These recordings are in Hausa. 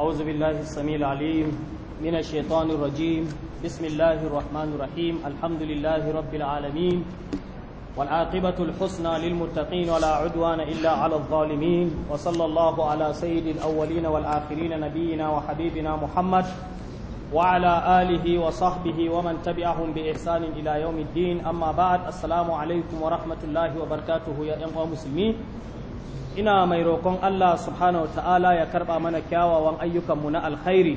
أعوذ بالله السميع العليم من الشيطان الرجيم بسم الله الرحمن الرحيم الحمد لله رب العالمين والعاقبة الحسنى للمتقين ولا عدوان إلا على الظالمين وصلى الله على سيد الأولين والآخرين نبينا وحبيبنا محمد وعلى آله وصحبه ومن تبعهم بإحسان إلى يوم الدين أما بعد السلام عليكم ورحمة الله وبركاته يا أيها المسلمين ina mai roƙon Allah subhanahu ta'ala ya karɓa mana kyawawan ayyukanmu na alkhairi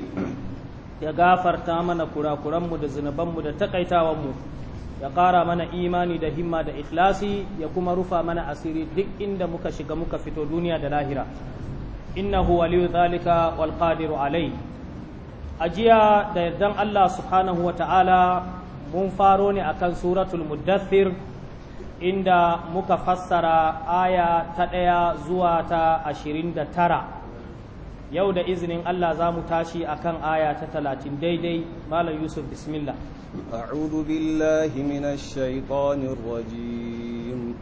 ya gafarta mana kurakuranmu da zunubanmu da takaitawanmu ya ƙara mana imani da himma da ikhlasi ya kuma rufa mana asiri duk inda muka shiga muka fito duniya da lahira innahu waliyu zalika wal qadiru alai ajiya da yardan Allah subhanahu ta'ala mun faro ne akan suratul muddathir inda muka fassara aya ta ɗaya zuwa ta ashirin da tara yau da izinin Allah za mu tashi akan aya ta talatin daidai Malam Yusuf bismillah أعوذ بالله من الشيطان الرجيم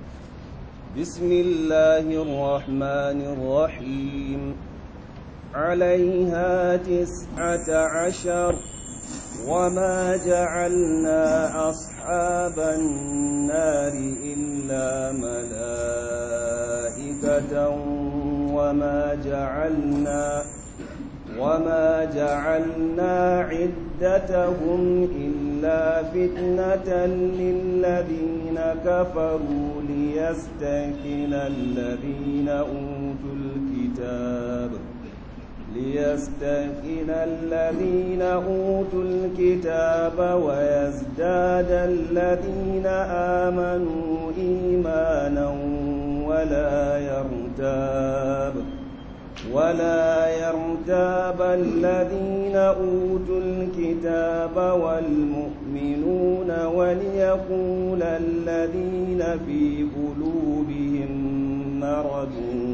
بسم الله الرحمن الرحيم عليها تسعة وما جعلنا أصحاب النار إلا ملائكة وما جعلنا وما جعلنا عدتهم إلا فتنة للذين كفروا ليستيقن الذين أوتوا الكتاب ليستكن الذين أوتوا الكتاب ويزداد الذين آمنوا إيمانا ولا يرتاب ولا يرتاب الذين أوتوا الكتاب والمؤمنون وليقول الذين في قلوبهم مرضون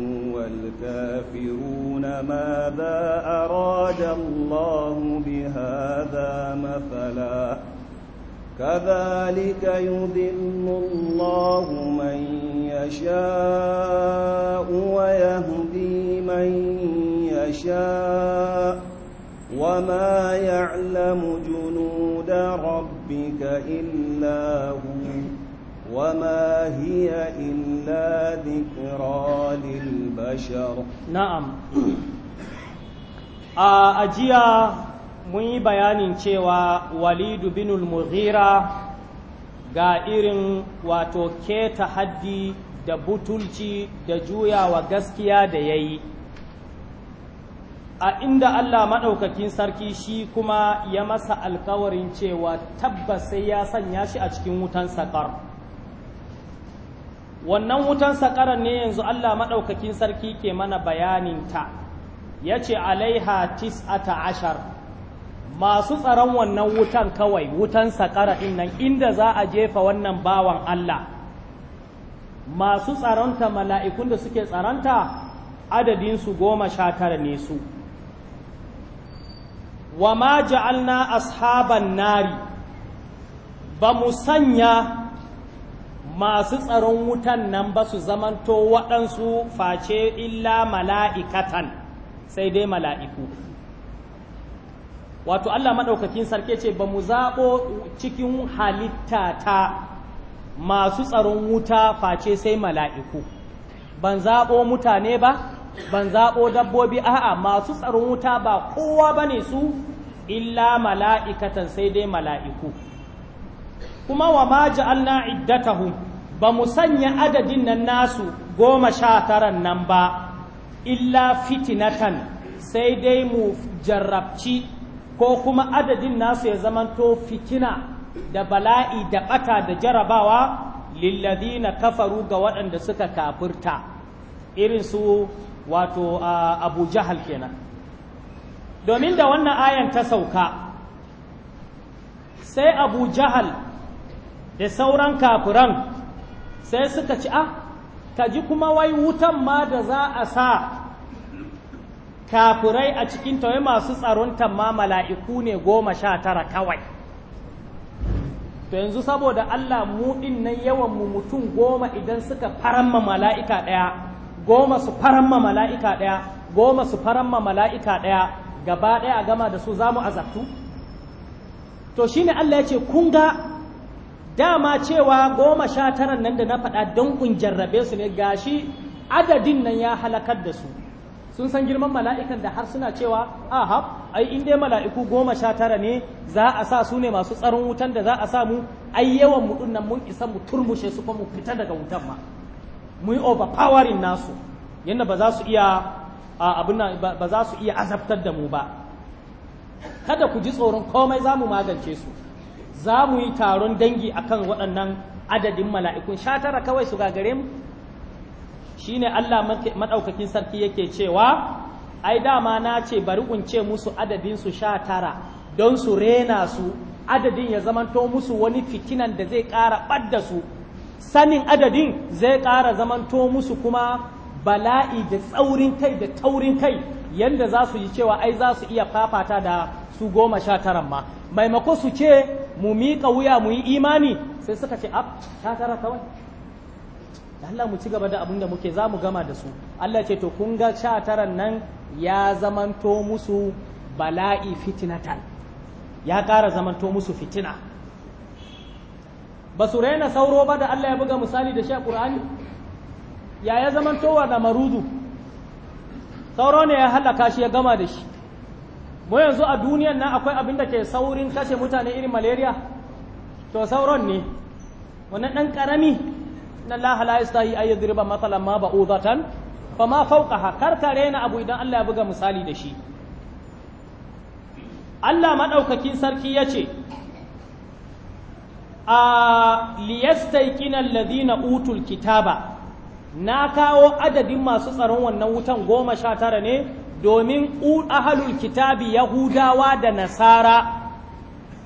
الكافرون ماذا أراد الله بهذا مثلا كذلك يضل الله من يشاء ويهدي من يشاء وما يعلم جنود ربك إلا هو وما هي إلا ذكرى لله Na'am, نعم أجيا mun yi bayanin cewa walidu binul mughira ga irin wato keta haddi da butulci da juyawa gaskiya da ya yi a inda Allah maɗaukakin sarki shi kuma ya masa alkawarin cewa tabbas sai ya sanya shi a cikin wutan sakar. wannan wutan sakaran ne yanzu Allah maɗaukakin sarki ke mana bayaninta ya ce alaiha tis'ata ashar masu tsaron wannan wutan kawai wutan sakara ɗin nan inda za a jefa wannan bawan Allah masu tsaronta mala'ikun da suke tsaronta adadinsu goma sha tara ne su wa ma ja'alna ashaban nari ba mu sanya masu tsaron wutan nan ba su zamanto waɗansu face illa mala'ikatan sai dai mala'iku wato Allah maɗaukakin sarki ce ba mu zaɓo cikin halitta ta masu tsaron wuta face sai mala'iku ban zaɓo mutane ba ban zaɓo dabbobi a'a masu tsaron wuta ba kowa ba ne su illa mala'ikatan sai dai mala'iku kuma wa ma ji ja'alna iddatahum ba mu sanya adadin nan nasu goma sha taran nan ba illa fitinatan sai dai mu jarrabci ko kuma adadin nasu ya zamanto fitina da bala'i da bata da jarabawa na kafaru ga waɗanda suka kafirta irin su wato abu jahal kenan domin da wannan ayan ta sauka sai abu jahal da sauran kafiran sai suka ci a ah, kaji kuma wai wutan ma da za a sa kafurai a cikin tawai masu tsaron ma mala'iku ne goma sha tara kawai to yanzu saboda Allah muɗin nan yawan mu mutum goma idan suka faramma mala'ika ɗaya goma su faramma mala'ika ɗaya goma su faramma mala'ika ɗaya gaba ɗaya a gama da su za mu azabtu to shi ne Allah ya ce kun ga dama cewa goma sha tara nan da na faɗa don kun jarrabe su ne gashi adadin nan ya halakar da su sun san girman mala'ikan da har suna cewa "A'a ai in dai mala'iku goma sha tara ne za a sa su ne masu tsaron wutan da za a samu ai yawan mu nan mun isa mu turmushe su kuma mu fita daga wutan ma mu yi overpowering nasu yadda su iya abin ba za su iya azabtar da mu ba kada ku ji tsoron komai za mu magance su za mu yi taron dangi akan waɗannan adadin mala'ikun sha tara kawai su gagare mu shi ne Allah maɗaukakin sarki yake cewa ai dama na ce bari unce musu adadinsu sha tara don su rena su adadin ya zamanto musu wani fitinan da zai ƙara ɓadda su sanin adadin zai ƙara zamanto musu kuma bala'i da tsaurin kai da taurin kai yanda za su yi cewa ai za su iya fafata da su goma sha taran ma maimako su ce mu miƙa wuya mu yi imani sai suka ce ab sha tara kawai Allah mu ci gaba da abin da muke za mu gama da su Allah ce to kun ga sha taran nan ya zamanto musu bala'i fitinatan ya ƙara zamanto musu fitina ba su raina sauro ba da Allah ya buga misali da shi a ƙur'ani ya ya zamantowa da marudu sauro ne ya halaka shi ya gama da shi mu yanzu a duniyan nan akwai abin da ke saurin kashe mutane irin malaria to sauron ne wannan dan karami na Allah la yastahi ay yadriba matalan ma ba'udatan fama fawqaha karkare na abu idan Allah ya buga misali da shi Allah madaukakin sarki yace a liyastaykina alladhina utul kitaba na kawo adadin masu tsaron wannan wutan goma sha tara ne domin ahalul kitabi yahudawa da nasara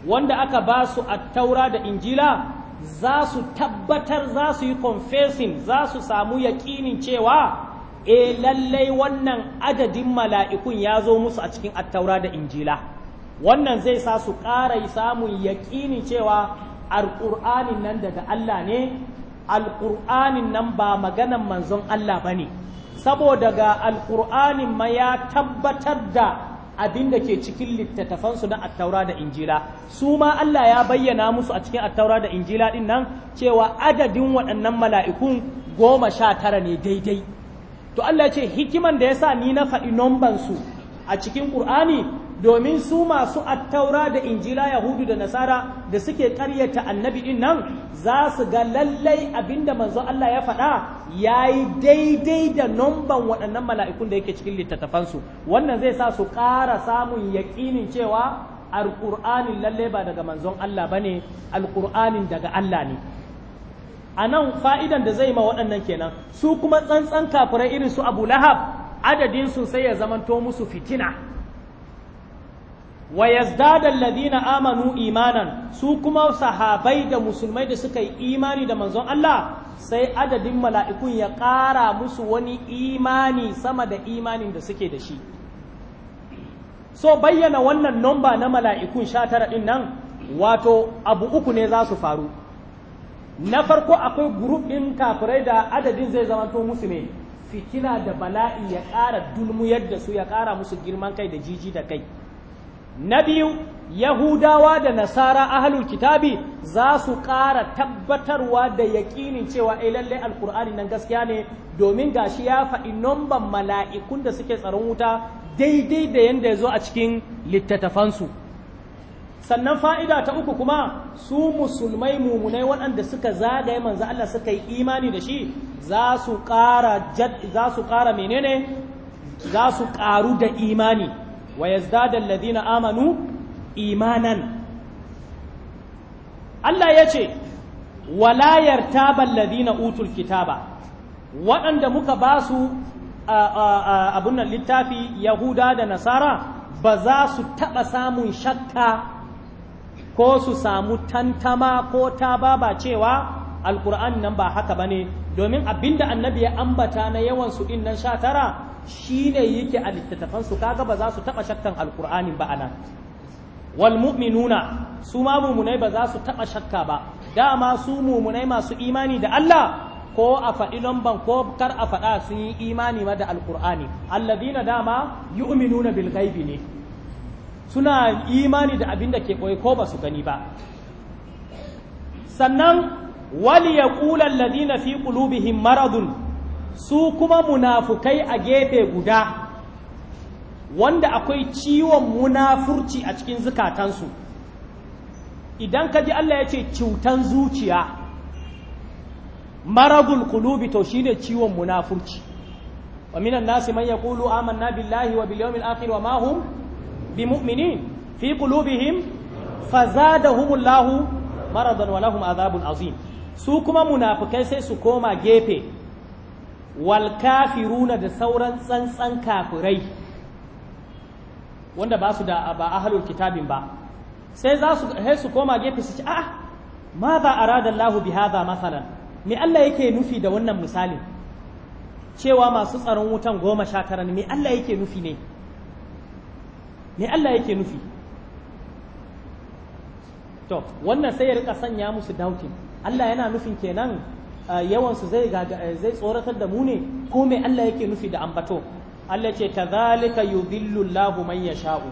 wanda aka ba su attaura da injila za su tabbatar za su yi confessing za su samu yaƙinin cewa e lallai wannan adadin mala'ikun ya zo musu a cikin attaura da injila wannan zai sa su ƙara samun yaƙinin cewa alƙur'anin nan daga Allah ne alƙur'anin nan ba maganan manzon Allah ba ne saboda ga alƙur'anin ma ya tabbatar da abin da ke cikin littattafansu na attaura da injila su ma Allah ya bayyana musu a cikin attaura da injila din nan cewa adadin waɗannan mala'ikun goma sha tara ne daidai to Allah ce hikiman da ya sa ni na faɗi nombansu a cikin ƙur'ani domin su masu attaura da injila yahudu da nasara da suke karyata annabi din nan za su ga lallai abinda manzo Allah ya faɗa ya yi daidai da numban waɗannan mala'ikun da yake cikin littattafansu wannan zai sa su ƙara samun yaƙinin cewa alƙur'anin lallai ba daga manzon Allah ba ne alƙur'anin daga Allah ne a nan fa'idan da zai ma waɗannan kenan su kuma tsantsan kafurai irin su abu lahab adadinsu sai ya zamanto musu fitina wa yazdada alladhina amanu imanan su kuma sahabai da musulmai da suka yi imani da manzon Allah sai adadin mala'ikun ya ƙara musu wani imani sama da imanin da suke da shi so bayyana wannan nomba na mala'ikun sha tara nan wato abu uku ne za su faru na farko akwai gurup ɗin kafirai da adadin zai zamanto musu mai fitina da bala'i ya ƙara dulmuyar da su ya ƙara musu girman kai da jiji da kai na biyu yahudawa da nasara ahalul kitabi za su ƙara tabbatarwa da yaƙinin cewa ai eh, lalle alkur'ani nan gaskiya ne domin gashi ya faɗi nomban mala'ikun da suke tsaron wuta daidai da yadda ya zo a cikin littattafansu sannan fa'ida ta uku kuma su musulmai mumunai waɗanda suka zagaye manzo Allah suka yi imani da shi za su ƙara menene za su ƙaru da imani wa yazdada alladhina amanu imanan Allah ya ce wala yartaba alladhina utul kitaba waɗanda muka basu abunan littafi yahuda da nasara ba za su taɓa samun shakka ko su samu tantama ko ta baba cewa alkur'ani nan ba haka ba ne domin abinda annabi ya ambata na yawansu ɗin nan sha tara shine yake a littattafansu kaga ba za su taba shakkan alqur'anin ba anan wal mu'minuna su ma mumunai ba za su taɓa shakka ba dama su mumunai masu imani da Allah ko a faɗi lamban ko kar a faɗa sun yi imani ma da alkur'ani Alladina dama yu'minuna bil ghaibi ne suna imani da abin da ke koyi ko ba su gani ba sannan wal yaqulu allazina fi qulubihim maradun su kuma munafukai a gefe guda wanda akwai ciwon munafurci a cikin zukatansu idan ka ji Allah ya ce cutan zuciya maragul kulubi to shine ciwon munafurci wa minan nasi man yaqulu amanna billahi wa bil yawmil akhir wa mahum bi bimu'minin fi qulubihim fazadahumullahu maradan wa lahum azabun azim su kuma munafukai sai su koma gefe wal kafiruna da sauran tsantsan kafirai wanda ba su da ba ahlul kitabin ba sai za su sai su koma gefe su ce a'a ma za rada Allahu bi hadha masalan me Allah yake nufi da wannan misalin cewa masu tsaron wutan goma sha tara ne me Allah yake nufi ne me Allah yake nufi to wannan sai ya rika sanya musu doubting Allah yana nufin kenan yawansu zai tsoratar da mu ne ko mai Allah yake nufi da ambato Allah ce kadhalika yudhillu Allahu man yasha'u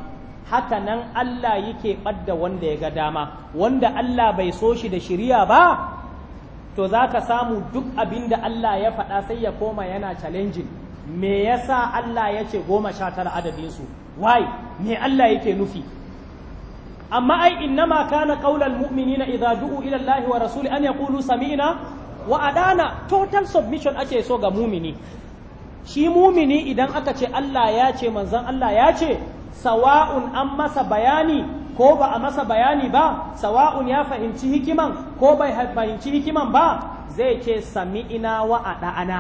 haka nan Allah yake ɓadda wanda ya ga dama wanda Allah bai so shi da shiriya ba to zaka samu duk abin da Allah ya faɗa sai ya koma yana challenge me yasa Allah ya ce goma sha tara adadin su why me Allah yake nufi amma ai innama kana qaulal mu'minina idza du'u ila Allah wa rasuli an yaqulu sami'na wa adana total submission ake so ga mumini shi mumini idan aka ce Allah ya ce manzon Allah ya ce sawa'un an masa bayani ko ba a masa bayani ba sawa'un ya fahimci hikiman ko bai fahimci hikiman ba zai ce sami'ina wa ada'ana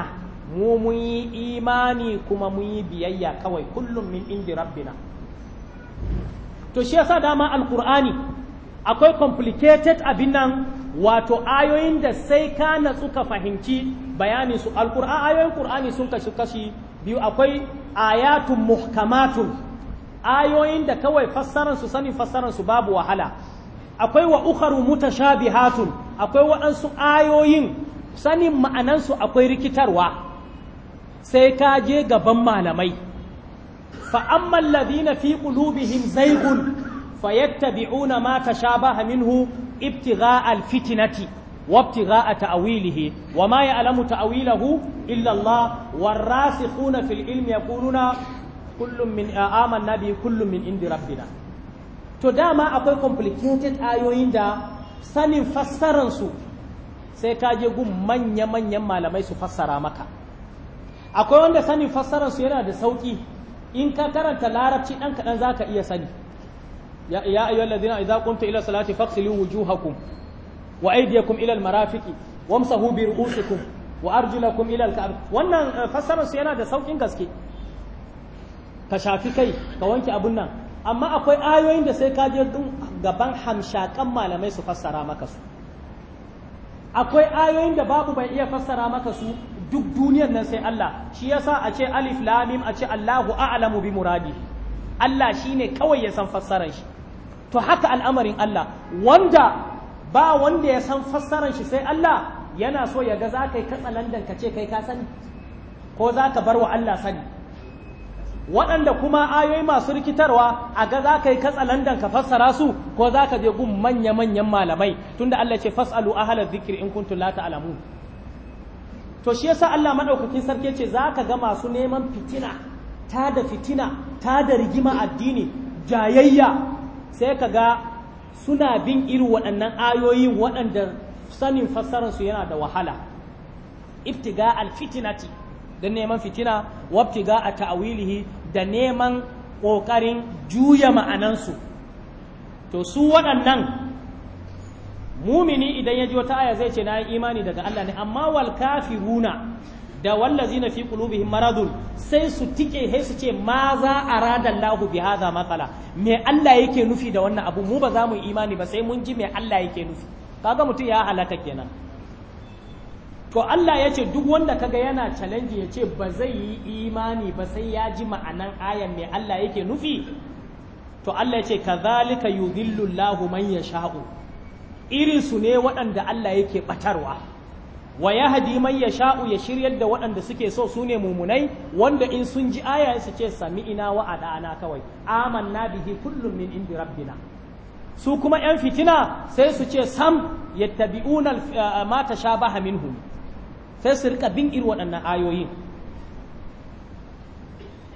mu mun yi imani kuma mun yi biyayya kawai kullum min indi rabbina to shi yasa dama alqur'ani akwai complicated abin nan wato ayoyin da sai ka natsu ka fahimci bayani su alqur'an ayoyin qur'ani sun kashi kashi biyu akwai ayatun muhkamatun ayoyin da kawai fassaran su sanin fassaran su babu wahala akwai wa ukharu mutashabihatun akwai waɗansu ayoyin sanin ma'anan su akwai rikitarwa sai ka je gaban malamai fa amma alladhina fi qulubihim zaygun fayattabi'una ma tashabaha minhu ibtigha'a alfitnati وابتغاء تأويله وما يعلم تأويله إلا الله والراسخون في العلم يقولون كل من آمنا به كل من عند ربنا to dama akwai complicated ayoyin da sanin fassararsu sai ka je gun manya-manyan malamai su fassara maka akwai wanda sanin fassararsu yana da sauƙi? in ka karanta larabci ɗan kaɗan za ka iya sani ya ayyuhal ladina idza qumtu ila salati faghsilu wujuhakum wa aydiyakum ila al marafiqi wamsahu bi ru'usikum wa wannan eh, fassarar su yana da saukin gaske ka shafi kai ka wanke abun nan amma akwai ayoyin da sai ka je gaban hamshakan malamai su fassara maka su akwai ayoyin da babu bai iya fassara maka su duk duniyar nan sai Allah shi yasa a ce alif lamim a ce Allahu a'lamu bi muradi Allah shine kawai ya san fassarar shi to haka al'amarin Allah wanda ba wanda ya san fassaran shi sai Allah yana so ya ga za ka yi katsalandan ka ce kai ka sani ko za ka bar wa Allah sani waɗanda kuma ayoyi masu rikitarwa a ga za ka yi katsalandan ka fassara su ko za ka je gun manya-manyan malamai tunda Allah ce fasalu ahalar zikir in kuntu la ta'alamu. to shi yasa Allah madaukakin sarki ce za ka ga masu neman fitina ta da fitina ta da rigima addini jayayya sai ka ga suna bin irin waɗannan ayoyi waɗanda sanin fassararsu yana da wahala iftiga alfitinati da neman fitina waftiga a ta'awilihi da neman ƙoƙarin juya ma'anansu to su waɗannan mumini idan ya ji wata aya zai ce na yi imani daga Allah ne amma wal kafiruna da wallazina fi qulubihim maradun sai su tike sai su ce ma za a radar lahu bi haza matsala me Allah yake nufi da wannan abu mu ba za mu imani ba sai mun ji me Allah yake nufi kaga mutum ya halaka kenan to Allah ya ce duk wanda kaga yana challenge ya ce ba zai yi imani ba sai ya ji ma'anan ayan me Allah yake nufi to Allah ya ce kadhalika yudhillu Allahu man yasha'u irin su ne waɗanda Allah yake batarwa wa yahdi man sha'u ya shiryar da waɗanda suke so su ne mumunai wanda in sun ji aya su ce sami'ina wa ana kawai amanna bihi kullum min indi rabbina su kuma yan fitina sai su ce sam yattabi'una eh, ma tashabaha minhum sai su rika bin irin waɗannan ayoyin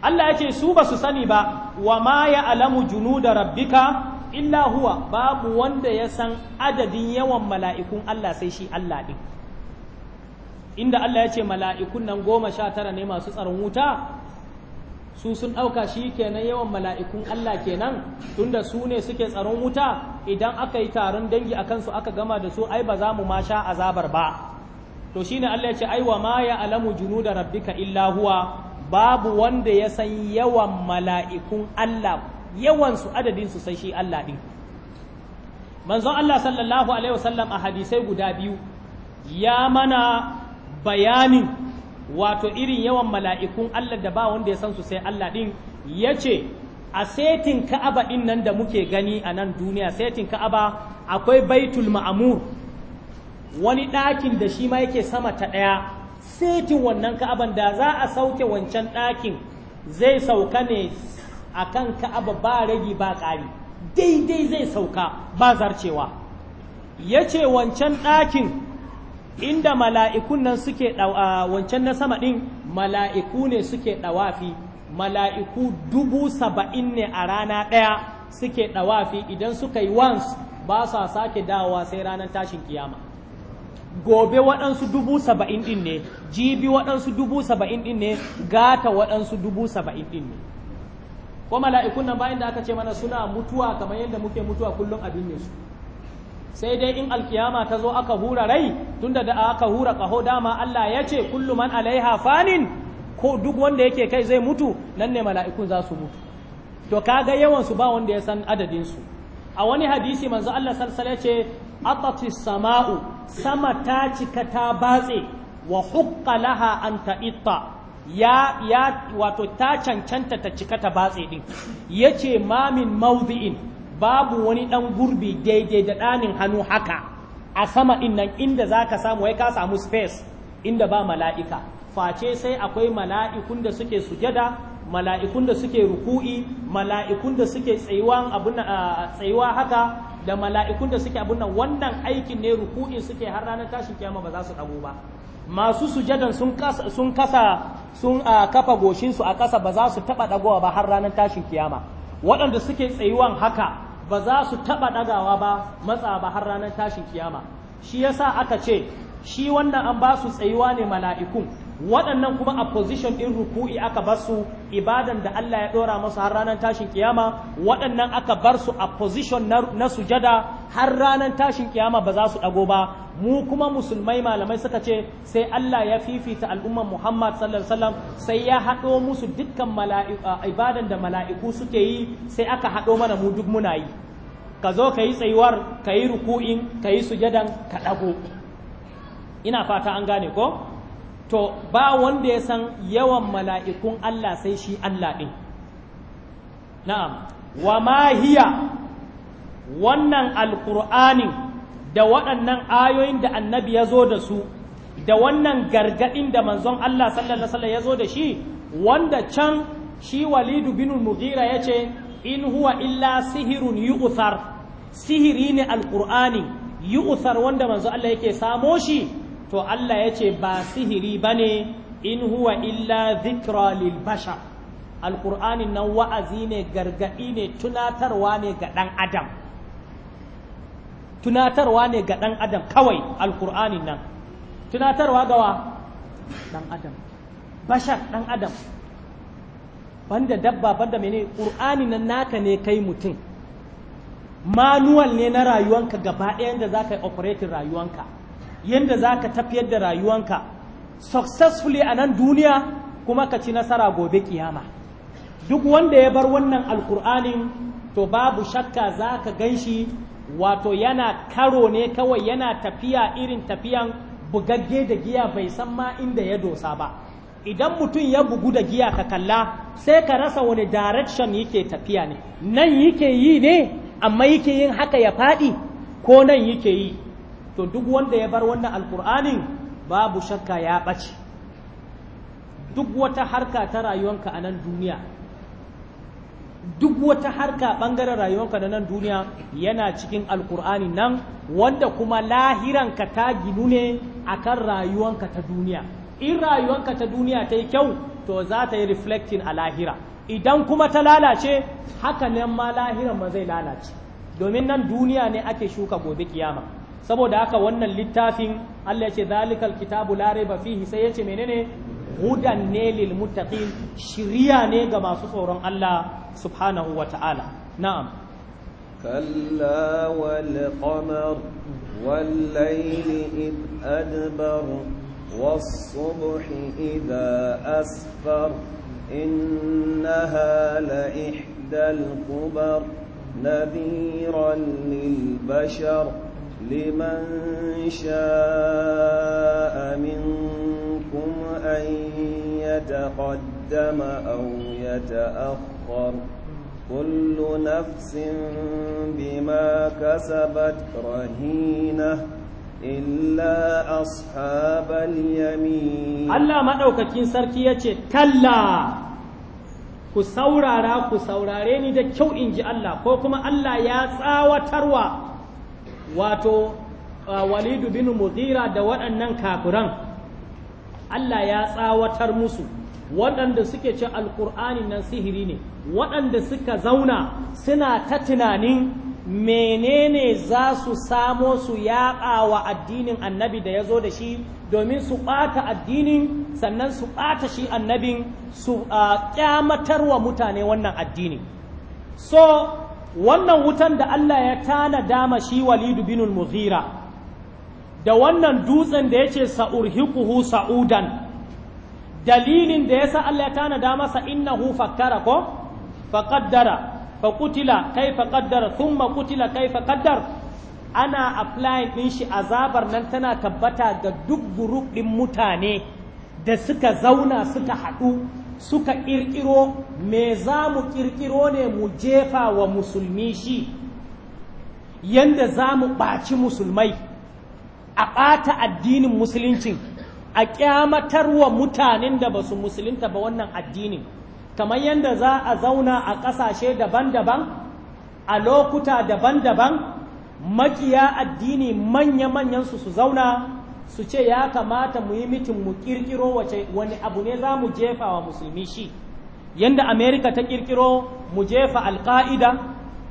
Allah ya ce su ba su sani ba wa ma ya alamu junuda rabbika illa huwa babu wanda ya san adadin yawan mala'ikun Allah sai shi Allah ɗin inda Allah ya ce mala'ikun nan goma sha tara ne masu tsaron wuta su sun ɗauka shi kenan yawan mala'ikun Allah kenan tunda su ne suke tsaron wuta idan aka yi taron dangi a kansu aka gama da su ai ba za mu ma sha azabar ba to shi ne Allah ya ce ai ma ya alamu da rabbika illa huwa babu wanda ya san yawan mala'ikun Allah yawan su sai shi Allah ɗin manzon Allah sallallahu alaihi wasallam a hadisai guda biyu ya mana bayanin wato irin yawan mala'ikun Allah da ba wanda ya san su sai Allah ɗin ya ce a setin Ka'aba ɗin nan da muke gani a nan duniya setin Ka'aba akwai Baitul ma'amur wani ɗakin da shi ma yake sama ta ɗaya setin wannan Ka'aban da za a sauke wancan ɗakin zai sauka ne a kan Ka'aba ba ragi ba ƙari daidai zai sauka ba zarcewa Ya ce wancan ɗakin inda mala'ikun nan suke wancan na sama ɗin mala'iku ne suke ɗawafi mala'iku dubu saba'in ne a rana ɗaya suke ɗawafi idan suka yi once ba sa sake dawowa sai ranar tashin kiyama gobe waɗansu dubu saba'in ɗin ne jibi waɗansu dubu saba'in ɗin ne gata waɗansu dubu saba'in ɗin ne ko mala'ikun nan bayan da aka ce mana suna mutuwa kamar yadda muke mutuwa kullum abin ne su sai dai in alkiyama ta zo aka hura rai tunda da aka hura kaho dama Allah ya ce kullu man alaiha fanin ko duk wanda yake kai zai mutu nan ne mala'ikun za su mutu to kaga yawan su ba wanda ya san adadinsu. a wani hadisi manzo Allah sallallahu ya ce atati sama'u sama ta cika ta batse wa hukka laha an ta'itta ya wato ta cancanta ta cika ta batse din yace mamin min babu wani ɗan gurbi daidai da ɗanin hannu haka a sama ɗin inda za ka samu wai ka samu space inda ba mala'ika face sai akwai mala'ikun da suke sujada mala'ikun da suke ruku'i mala'ikun da suke tsayuwa haka da mala'ikun da suke abun wannan aikin ne ruku’i suke har ranar tashin kiyama ba za su ɗago ba masu sujadan sun kasa sun kasa sun kafa goshinsu a kasa ba za su taɓa ɗagowa ba har ranar tashin kiyama waɗanda suke tsayuwan haka ba za su taɓa ɗagawa ba matsa ba har ranar tashin kiyama shi yasa aka ce shi wannan an ba su tsayuwa ne mala'ikun waɗannan kuma a position ɗin ruku'i aka bar su ibadan da Allah ya ɗora masu har ranar tashin kiyama waɗannan aka bar su a position na sujada har ranar tashin kiyama ba za su ɗago ba mu kuma musulmai malamai suka ce sai Allah ya fifita al'ummar Muhammad sallallahu alaihi wasallam sai ya haɗo musu dukkan ibadan da mala'iku suke yi sai aka haɗo mana mu duk muna yi ka zo ka yi tsayuwar ka yi ruku'in ka yi sujadan ka ɗago ina fata an gane ko to ba wanda ya san yawan mala'ikun Allah sai shi Allah ɗin na'am wa mahiya wannan alƙur'anin da waɗannan ayoyin da annabi ya zo da su da wannan gargaɗin da manzon Allah sallallahu alaihi ya zo da shi wanda can shi walidu binu mugira ya ce in huwa illa sihirun yu'thar sihiri ne alƙur'ani yu'thar wanda manzon Allah yake samo shi to Allah ya ce ba sihiri ba ne in huwa illa zikra lil bashar Alƙur'ani nan wa'azi ne gargaɗi ne tunatarwa ne ga ɗan adam tunatarwa ne ga ɗan adam kawai Alƙur'ani nan tunatarwa gawa ɗan adam bashar ɗan adam banda dabba banda mene ƙur'ani nan naka ne kai mutum manuwal ne na rayuwanka gaba ɗayan da za ka yi operating rayuwanka yadda za ka tafiyar da rayuwanka successfully a nan duniya kuma ka ci nasara gobe kiyama duk wanda ya bar wannan alkur'anin to babu shakka za ka gan shi wato yana karo ne kawai yana tafiya irin tafiyan bugagge da giya bai san ma inda ya dosa ba idan mutum ya bugu da giya ka kalla sai ka rasa wani direction yake tafiya ne nan yake yi ne amma yake yin haka ya faɗi ko nan yake yi to duk wanda ya bar wannan alkur'anin babu shakka ya ɓace duk wata harka ta rayuwanka a nan duniya duk wata harka ɓangaren rayuwanka na nan duniya yana cikin alkur'ani nan wanda kuma lahiranka ta ginu ne akan rayuwanka ta duniya in rayuwanka ta duniya ta yi kyau to za ta yi reflecting a lahira idan kuma ta lalace haka nan ma lahiran ma zai lalace domin nan duniya ne ake shuka gobe kiyama saboda haka wannan littafin Allah ya ce zalikal kitabu la raiba fihi sai ya ce menene hudan ne lil muttaqin shiriya ne ga masu tsoron Allah subhanahu wata'ala na'am kalla wal qamar wal layli id adbar was subhi idha asfar innaha la ihdal qubar nadhiran bashar لمن شاء منكم أن يتقدم أو يتأخر كل نفس بما كسبت رهينة إلا أصحاب اليمين ألا ما دوكاكين سركي يتي كلا ku saurara ku saurare ni da kyau in ji Allah ko kuma Allah ya tsawatarwa wato uh, walidu bin mughira da waɗannan kafiran Allah ya tsawatar musu waɗanda suke ce alƙur'ani nan sihiri ne waɗanda suka zauna suna ta tunanin menene za su samo su yaƙa wa addinin annabi da ya zo da shi domin su ɓata addinin sannan su ɓata shi annabin su uh, ƙyamatar wa mutane wannan addini so wannan wutan da Allah ya tana dama shi walidu binul Muzira da wannan dutsen da ya ce sa'urhiquhu sa'udan dalilin da yasa Allah ya tana dama sa innahu fakkara ko fa faqutila kaifa qaddara thumma kai kaifa qaddar ana applying ɗin shi azabar nan tana tabbata ga duk group mutane da suka zauna suka haɗu suka ƙirƙiro me za mu ƙirƙiro ne mu jefa wa musulmi shi yadda za mu ɓaci musulmai a ɓata addinin musuluncin a ƙyamatar wa mutanen da ba su musulunta ba wannan addinin kamar yadda za a zauna a ƙasashe daban-daban a lokuta daban-daban makiya addini manya-manyansu su zauna su ce ya kamata mu yi mitin mu kirkiro wace wani abu ne za mu jefa wa musulmi shi yanda amerika ta kirkiro mu jefa alka'ida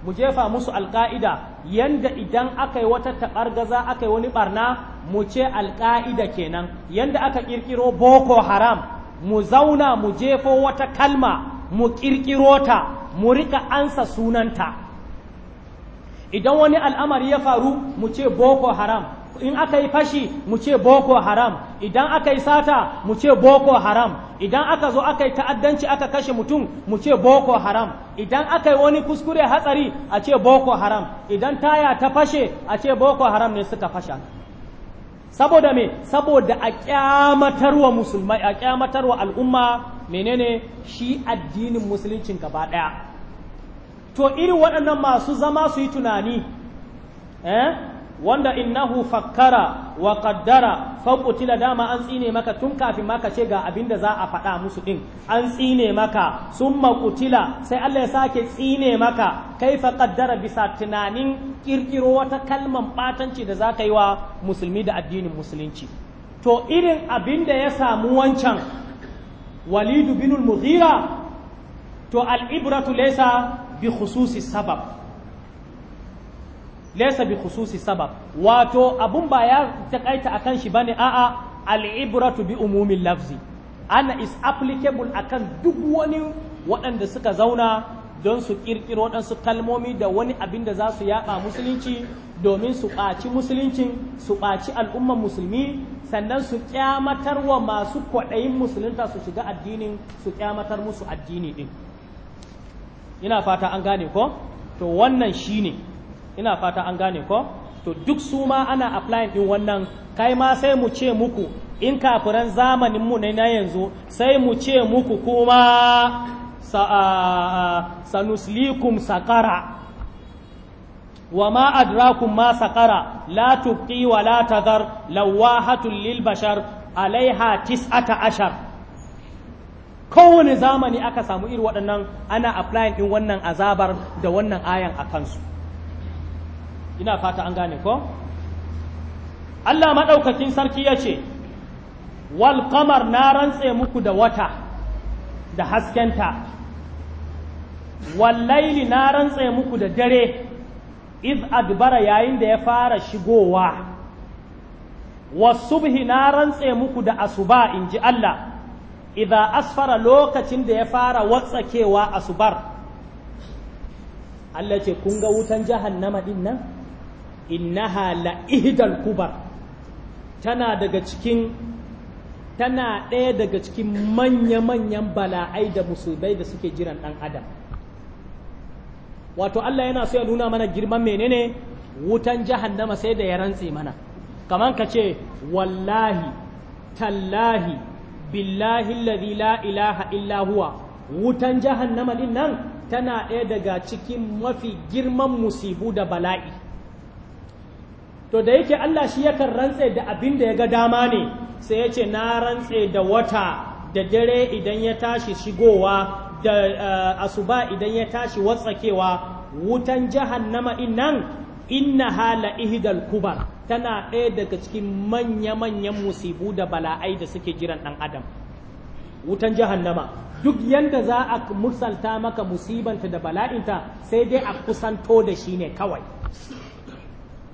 mu jefa musu alka'ida yanda idan aka yi wata taɓargaza aka yi wani barna mu ce alka'ida kenan yanda aka kirkiro boko haram mu zauna mu jefo wata kalma mu kirkiro ta mu rika ansa sunanta idan wani al'amari ya faru mu ce boko haram in aka yi fashi mu ce boko haram idan aka yi sata mu ce boko haram idan aka zo aka yi ta'addanci aka kashe mutum mu ce boko haram idan aka yi wani kuskure hatsari a ce boko haram idan taya ta fashe a ce boko haram ne suka fasha saboda me saboda a kyamatarwa musulmai a kyamatarwa al'umma menene shi addinin musulunci gaba daya to irin waɗannan masu zama su yi tunani eh wanda innahu fakkara wa qaddara faqutila dama an tsine maka tun kafin maka ce ga abin da za a faɗa musu din an tsine maka summa qutila sai Allah ya sake tsine maka kai fa qaddara bisa tunanin kirkiro wata kalman batanci da za ka yi wa musulmi da addinin musulunci to irin abin ya samu wancan walidu binul mughira to Al-Ibratu laysa bi khususi sabab laysa bi khususi sabab wato abun ba ya takaita akan shi bane a'a alibratu bi umumin lafzi ana is applicable akan duk wani waɗanda suka zauna don su ƙirƙiro waɗansu kalmomi da wani abin da za su yaba musulunci domin su ɓaci musulunci su ɓaci al'umman musulmi sannan su kyamatar wa masu kwaɗayin musulunta su shiga addinin su kyamatar musu addini ɗin ina fata an gane ko to wannan shine ne ina fata an gane ko to duk su ma ana applying din wannan kai ma sai mu ce muku in kafiran zamanin mu na yanzu sai mu ce muku kuma sanuslikum sakara wa ma adrakum ma sakara la tuqi wa la tadhar lawahatul lil bashar alaiha tis'ata ashar kowane zamani aka samu iri waɗannan ana applying din wannan azabar da wannan ayan a kansu ina fata an gane ko Allah maɗaukakin sarki ya ce wal kamar na rantse muku da wata da haskenta wallaili na rantse muku da dare iz adbara yayin da ya fara shigowa wasubhi na rantse muku da asuba in ji Allah idza asfara lokacin da ya fara watsakewa asubar Allah ce kun ga wutan jahannama din nan innaha la ihdal kubar tana daga cikin tana ɗaya daga cikin manya-manyan bala'ai da musulmai da suke jiran ɗan adam wato Allah yana so ya nuna mana girman menene wutan jahannama sai da ya rantse mana kamar ka ce wallahi tallahi billahi alladhi la ilaha illa huwa wutan jahannama din nan tana ɗaya daga cikin mafi girman musibu da bala'i to da yake Allah shi yakan rantse da abin da ya ga dama ne sai ya ce na rantse da wata da dare idan ya tashi shigowa da eh, asuba idan ya tashi watsakewa wutan jahannama innan inna hala ihdal kubar tana ɗaya daga cikin manya-manyan musibu da bala'ai da suke jiran ɗan adam wutan jahannama duk yadda za a musalta maka musibanta da bala'inta sai dai a kusanto da shi ne kawai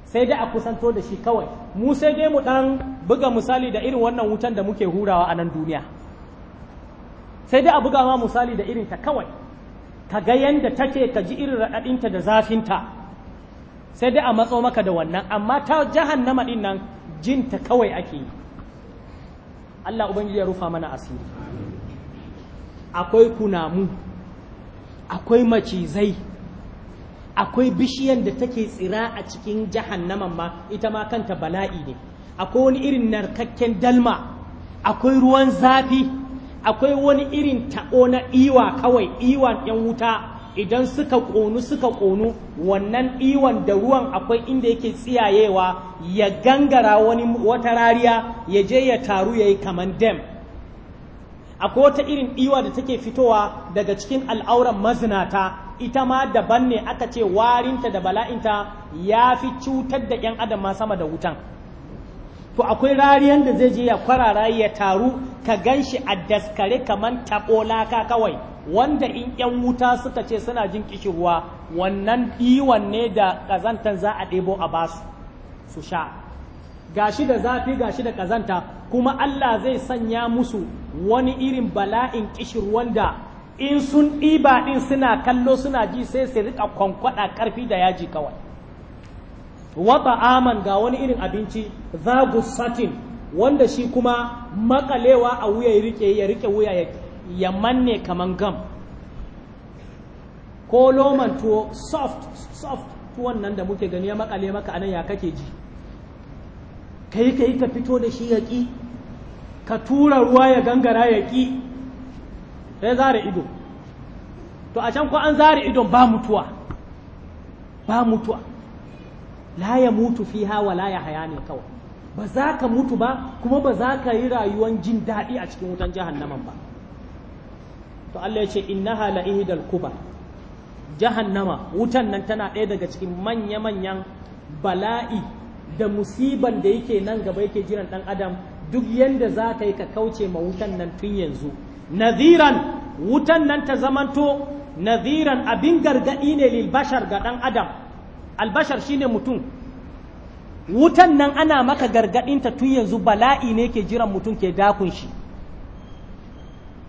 sai dai a kusanto da shi kawai mu sai dai mu dan buga misali da irin wannan wutan da muke hurawa a nan duniya sai dai a buga ma misali da irin ta kawai ka ga yanda take ka ji irin raɗaɗinta da zafinta sai dai a matso maka da wannan amma ta jahannama din nan jinta kawai ake yi Allah Ubangiji ya rufa mana asiri akwai kunamu akwai macizai akwai bishiyan da take tsira a cikin jahannaman ma ita ma kanta bala'i ne akwai wani irin narkakken dalma akwai ruwan zafi akwai wani irin taɓo na iwa kawai iwan yan wuta idan suka ƙonu suka ƙonu wannan iwan da ruwan akwai inda yake tsiyayewa ya gangara wani wata rariya ya je ya taru ya yi kaman dem. akwai wata irin iwa da take fitowa daga cikin al'auran mazinata ita ma daban ne aka ce warinta da bala'inta ya fi cutar da 'yan adam ma sama da wutan to akwai rariyan da zai je ya kwarara ya taru ka gan shi a daskare kamar taɓolaka kawai wanda in 'yan wuta suka ce suna jin kishirwa wannan iwan ne da ƙazantar za a ɗebo a basu su sha gashi da zafi gashi da ƙazanta kuma Allah zai sanya musu wani irin bala'in kishirwan da in sun ɗiba ɗin suna kallo suna ji sai su riƙa kwankwaɗa ƙarfi da yaji kawai wata aman ga wani irin abinci zagu satin wanda shi kuma makalewa a wuya ya riƙe ya riƙe wuya ya manne kaman gam ko loman tuwo soft soft tuwon nan da muke gani ya makale maka anan ya kake ji kai kai ka fito da shi ya ƙi ka tura ruwa ya gangara ya ƙi sai zare ido to a can ko an zare idon ba mutuwa ba mutuwa la ya mutu fiha wa la ya haya ne kawai ba za ka mutu ba kuma ba za ka yi rayuwan jin daɗi a cikin wutan jahannaman ba to Allah ya ce in innaha la ihdal kubar jahannama wutan nan tana ɗaya daga cikin manya-manyan bala'i da musiban da yake nan gaba yake jiran ɗan adam duk yadda za ka yi ka kauce ma wutan nan tun yanzu nadhiran wutan nan ta zamanto nadhiran abin gargadi ne lil bashar ga dan adam albashar shine mutum wutan nan ana maka ta tun yanzu bala'i ne ke jiran mutum ke dakun shi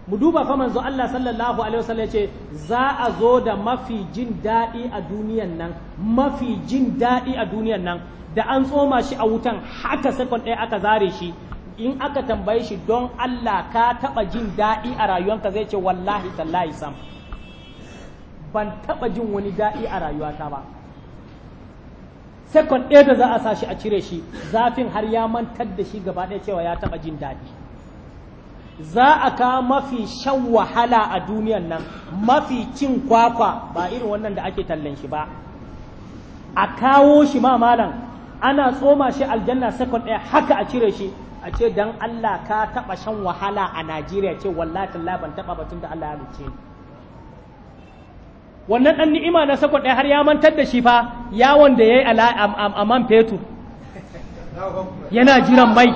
mu duba fa manzo Allah sallallahu alaihi wasallam yace za a zo da mafi jin daɗi a duniyan nan mafi jin daɗi a duniyan nan da an tsoma shi a wutan haka second ɗaya aka zare shi in aka tambaye shi don Allah ka taɓa jin daɗi a rayuwanka zai ce wallahi tallahi sam ban taɓa jin wani daɗi a rayuwata ba sekon ɗaya da za a sa shi a cire shi zafin har ya mantar da shi gaba ɗaya cewa ya taɓa jin daɗi za a ka mafi shan wahala a duniyan nan mafi cin kwakwa ba irin wannan da ake tallan shi ba a kawo shi ma malam ana tsoma shi aljanna sekon ɗaya haka a cire shi a ce dan Allah ka taɓa shan wahala a Najeriya ce wallahi ban taɓa batun da Allah ya halice ni wannan dan ni'ima na sako ɗaya har ya mantar da shi fa yawon da ya yi a man fetu yana jiran mai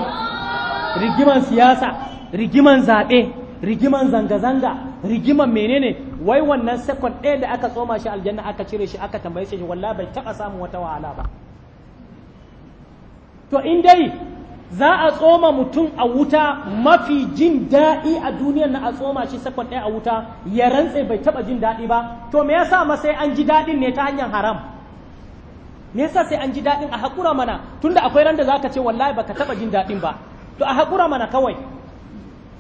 rigiman siyasa rigiman zaɓe rigiman zanga-zanga rigiman menene wai wannan sekon ɗaya da aka tsoma shi aljanna aka cire shi aka tambaye shi wallahi bai taɓa samun wata wahala ba to in dai za a tsoma mutum a wuta mafi jin daɗi a duniyar na a tsoma shi sakon ɗaya a wuta ya rantse bai taɓa jin daɗi ba to me yasa ma sai an ji daɗin ne ta hanyar haram me yasa sai an ji daɗin a haƙura mana tunda akwai ran da zaka ce wallahi baka taɓa jin daɗin ba to a haƙura mana kawai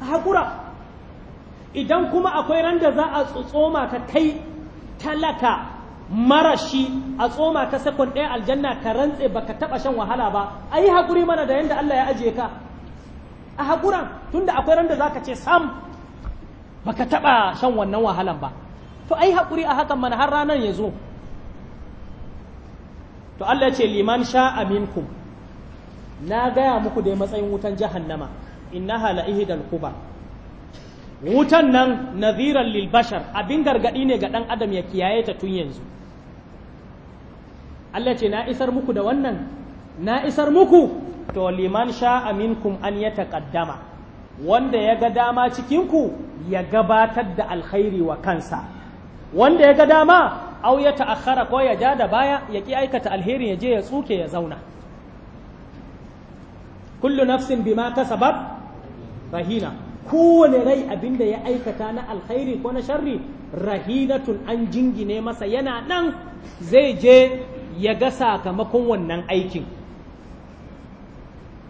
a haƙura idan kuma akwai ran da za a tsoma ka kai talaka marashi a tsoma ka sakon ɗaya aljanna ka rantse baka taɓa shan wahala ba a haƙuri mana da yadda Allah ya ajiye ka a haƙuran tunda akwai randa za ka ce sam baka taɓa shan wannan wahalan ba to ai haƙuri a hakan mana har ranar ya zo to Allah ce liman sha aminkum na gaya muku dai matsayin wutan jahannama innaha la ihdal kubar wutan nan naziran lil bashar abin gargadi ne ga dan adam ya kiyaye ta tun yanzu Allah ce na isar muku da wannan na isar muku to liman sha aminkum an yataqaddama wanda ya ga dama cikin ku ya gabatar da alkhairi wa kansa wanda ya ga dama au ya ko ya ja da baya ya ki aikata alheri ya je ya tsuke ya zauna kullu nafsin bima kasabat rahina kowane rai abinda ya aikata na alkhairi ko na sharri rahinatun an jingine masa yana nan zai je ya ga sakamakon wannan aikin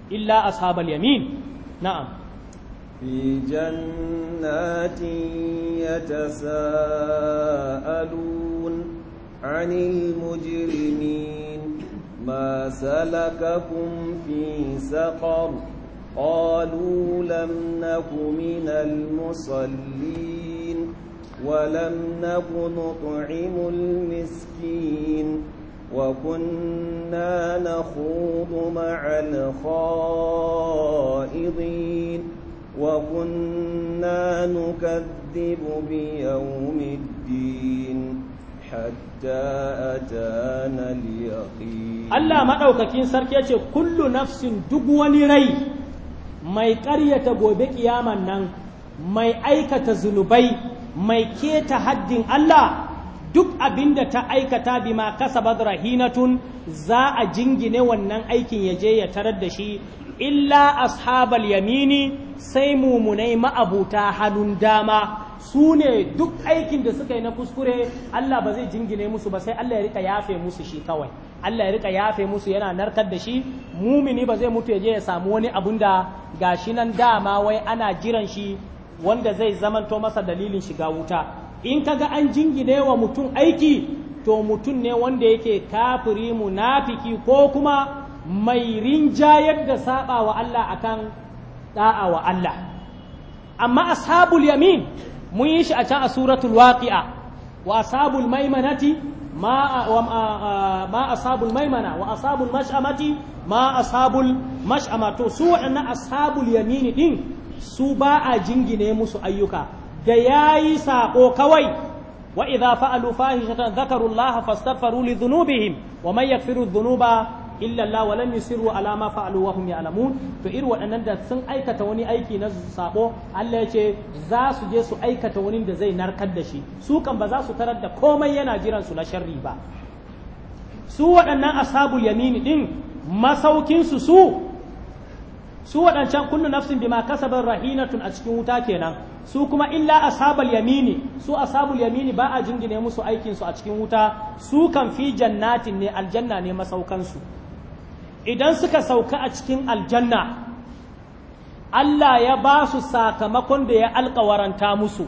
illa ashabal yamin na'am في جنات يتساءلون 'anil المجرمين ما kun fi saƙon. قالوا لم نك من المصلين ولم نك نطعم المسكين وكنا نخوض مع الخائضين وكنا نكذب بيوم الدين حتى أتانا اليقين الله ما أوكاكين سركي كل نفس دقوان ري mai ƙaryata gobe ƙiyaman nan mai aikata zunubai mai keta haddin Allah duk abin da ta aikata bi ma kasabat rahinatun za a jingine wannan aikin ya je ya tarar da shi illa ashabal yamini sai mumunai ma'abuta hannun dama su ne duk aikin da suka yi na kuskure Allah ba zai jingine musu ba sai Allah ya rika yafe musu shi kawai Allah ya rika yafe musu yana narkar da shi mumini ba zai mutu ya je ya samu wani abun da gashi nan dama wai ana jiran shi wanda zai zamanto masa dalilin shiga wuta in kaga an jingine wa mutum aiki to mutum ne wanda yake kafiri munafiki ko kuma mai rinjayar da saba wa Allah akan da'a wa Allah amma ashabul yamin mun yi shi a can a suratul waqi'a wa ashabul maimanati ma ma ashabul maimana wa ashabul mash'amati ma ashabul mash'amato su waɗannan asabul yamini din su ba a jingine musu ayyuka da yayi sako kawai wa idza fa'alu fahishatan dhakaru Allah fastaghfiru li dhunubihim wa man yaghfiru dhunuba illallah wa lam yusiru ala ma fa'alu wa hum ya'lamun to irin waɗannan da sun aikata wani aiki na sabo Allah ya ce za su je su aikata wani da zai narkar da shi su kan ba za su tarar da komai yana jiran su na sharri ba su waɗannan ashabul yamini din masaukin su su su waɗancan kullu nafsin bima kasabar rahinatun a cikin wuta kenan su kuma illa ashabul yamini su ashabul yamini ba a jingine musu aikin su a cikin wuta su kan fi jannatin ne aljanna ne masaukan su idan suka sauka a cikin aljanna Allah ya ba su sakamakon da ya alkawaranta musu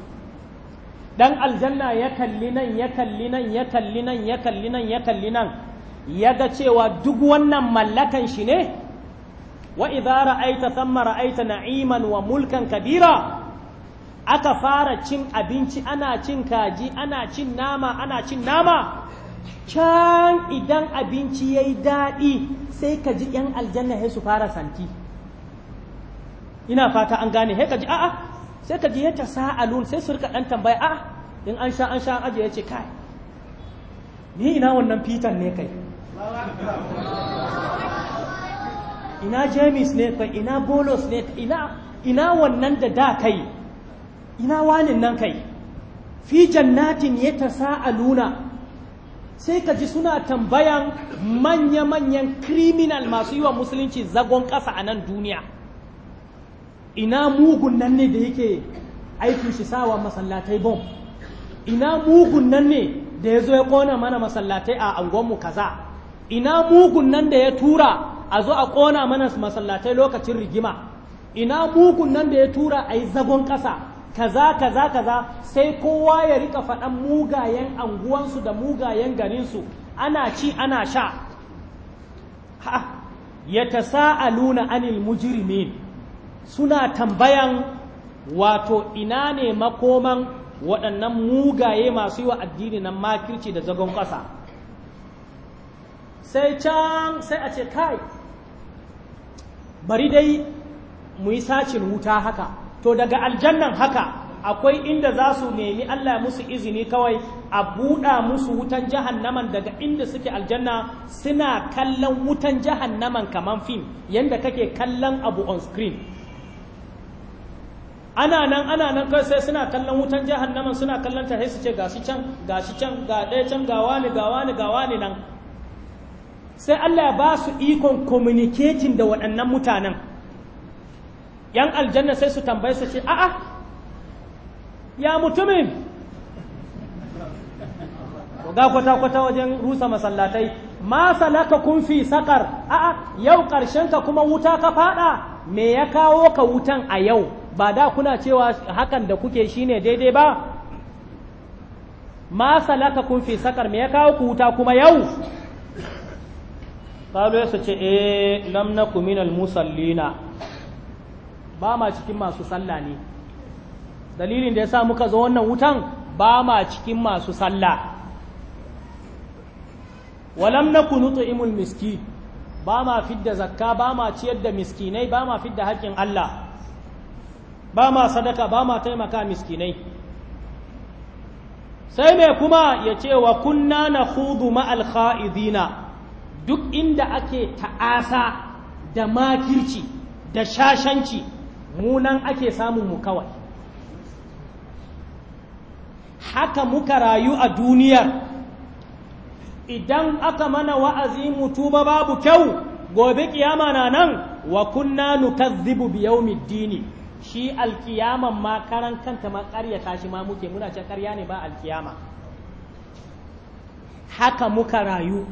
dan aljanna ya kalli nan ya kalli nan ya kalli nan ya kalli nan ya kalli nan ya ga cewa duk wannan mallakan shi ne wa idza ra'aita thumma ra'aita na'iman wa mulkan kabira aka fara cin abinci ana cin kaji ana cin nama ana cin nama can idan abinci ya yi daɗi sai ka ji ‘yan aljanna ya su fara santi ina fata an gane sai ka ji a'a sai ka ji ya ta sa'alun sai su rika ɗan tambaya a'a in an sha an sha aje ya ce kai ni ina wannan fitan ne kai ina james ne kai ina bolos ne ina ina wannan da da kai ina wanin nan kai fi jannatin ya ta sa'aluna sai ka ji suna tambayan manya-manyan criminal masu yi wa musulunci zagon ƙasa a nan duniya ina mugun nan ne da yake aikin shi sawa masallatai bom ina mugun nan ne da ya zo ya ƙona mana masallatai a angonmu kaza ina mugun nan da ya tura a zo a ƙona mana masallatai lokacin rigima ina mugun nan da ya tura a yi zagon ƙasa kaza kaza kaza sai kowa ya rika faɗan mugayen anguwansu da mugayen garinsu ana ci ana sha ha ya tasa'aluna anil mujrimin suna tambayan wato ina ne makoman waɗannan mugaye masu yi wa addini nan makirci da zagon ƙasa sai can sai a ce kai bari dai mu yi sacin wuta haka to daga aljannan haka akwai inda za su nemi Allah musu izini kawai a buɗa musu wutan jahannaman daga inda suke aljanna suna kallon wutan jahannaman kamar fim yadda kake kallon abu on screen ana nan ana nan kai sai suna kallon wutan jahannaman suna kallon ta sai su ce gashi can gashi can ga ɗaya can ga wani ga wani ga wani nan sai Allah ya ba su ikon communicating da waɗannan mutanen yan aljanna sai su tambaye su ce a'a ya mutumin ga kwata-kwata wajen rusa masallatai ma salaka kun fi sakar a'a yau karshen ka kuma wuta ka fada me ya kawo ka wutan a yau ba da kuna cewa hakan da kuke shine daidai ba ma salaka kun fi sakar me ya kawo ku wuta kuma yau kalu ya su ce eh lam naku al musallina ba ma cikin masu sallah ne dalilin da ya sa muka zo wannan wutan ba ma cikin masu sallah walam na kunutu imul miski ba ma fidda zakka ba ma ciyar da miskinai ba ma fidda haƙƙin Allah ba ma sadaka ba ma taimaka miskinai sai mai kuma ya ce wa kunna na hudu ma'al kha'idina duk inda ake ta'asa da makirci da shashanci mu nan ake samun mu kawai haka muka rayu a duniyar idan aka mana wa'azi tuba babu kyau gobe kiyama na nan wa kunna nukazzibu bi middini shi alkiyaman ma karan kanta ma ƙaryata ma muke muna ce ƙarya ne ba alkiyama haka muka rayu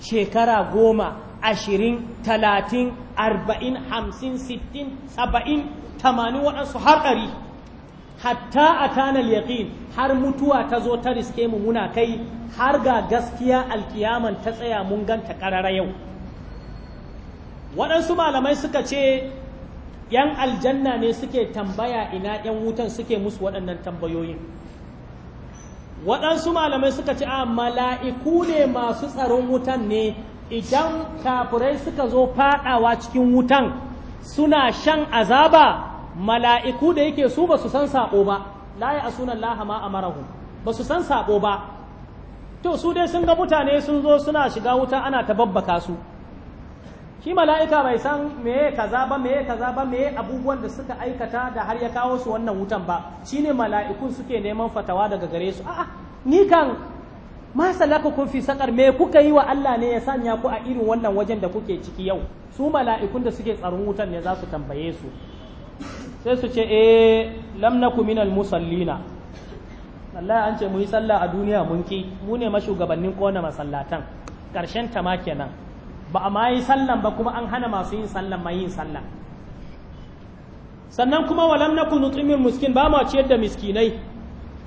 shekara goma ashirin talatin arba'in hamsin sittin saba'in tamanin waɗansu har ɗari hatta a tanal yaƙin har mutuwa ta zo ta riske mu muna kai har ga gaskiya alkiyaman ta tsaya mun ganta ƙarara yau waɗansu malamai suka ce ‘yan aljanna ne suke tambaya ina ‘yan wutan suke musu waɗannan tambayoyin waɗansu malamai suka ce a mala'iku ne masu tsaron wutan ne idan kafirai suka zo faɗawa cikin wutan suna shan azaba mala'iku da yake su ba su san saƙo ba la ya sunan lahama a marahu ba su san saƙo ba to su dai sun ga mutane sun zo suna shiga wuta ana ta babbaka su shi mala'ika bai san meye kaza ba meye kaza ba meye abubuwan da suka aikata da har ya kawo su wannan wutan ba shi ne mala'ikun suke neman fatawa daga gare su a'a ni kan ma salaka kun fi sakar me kuka yi wa Allah ne ya sanya ku a irin wannan wajen da kuke ciki yau su mala'ikun da suke tsaron wutan ne za su tambaye su sai su ce eh lam naku minal musallina wallahi an ce mu yi sallah a duniya mun ki mu ne mashugabannin kona masallatan karshen ta ma kenan ba a ma yi sallan ba kuma an hana masu yin sallan ma yin sallan sannan kuma walam naku nutsimil muskin ba mu ciyar da miskinai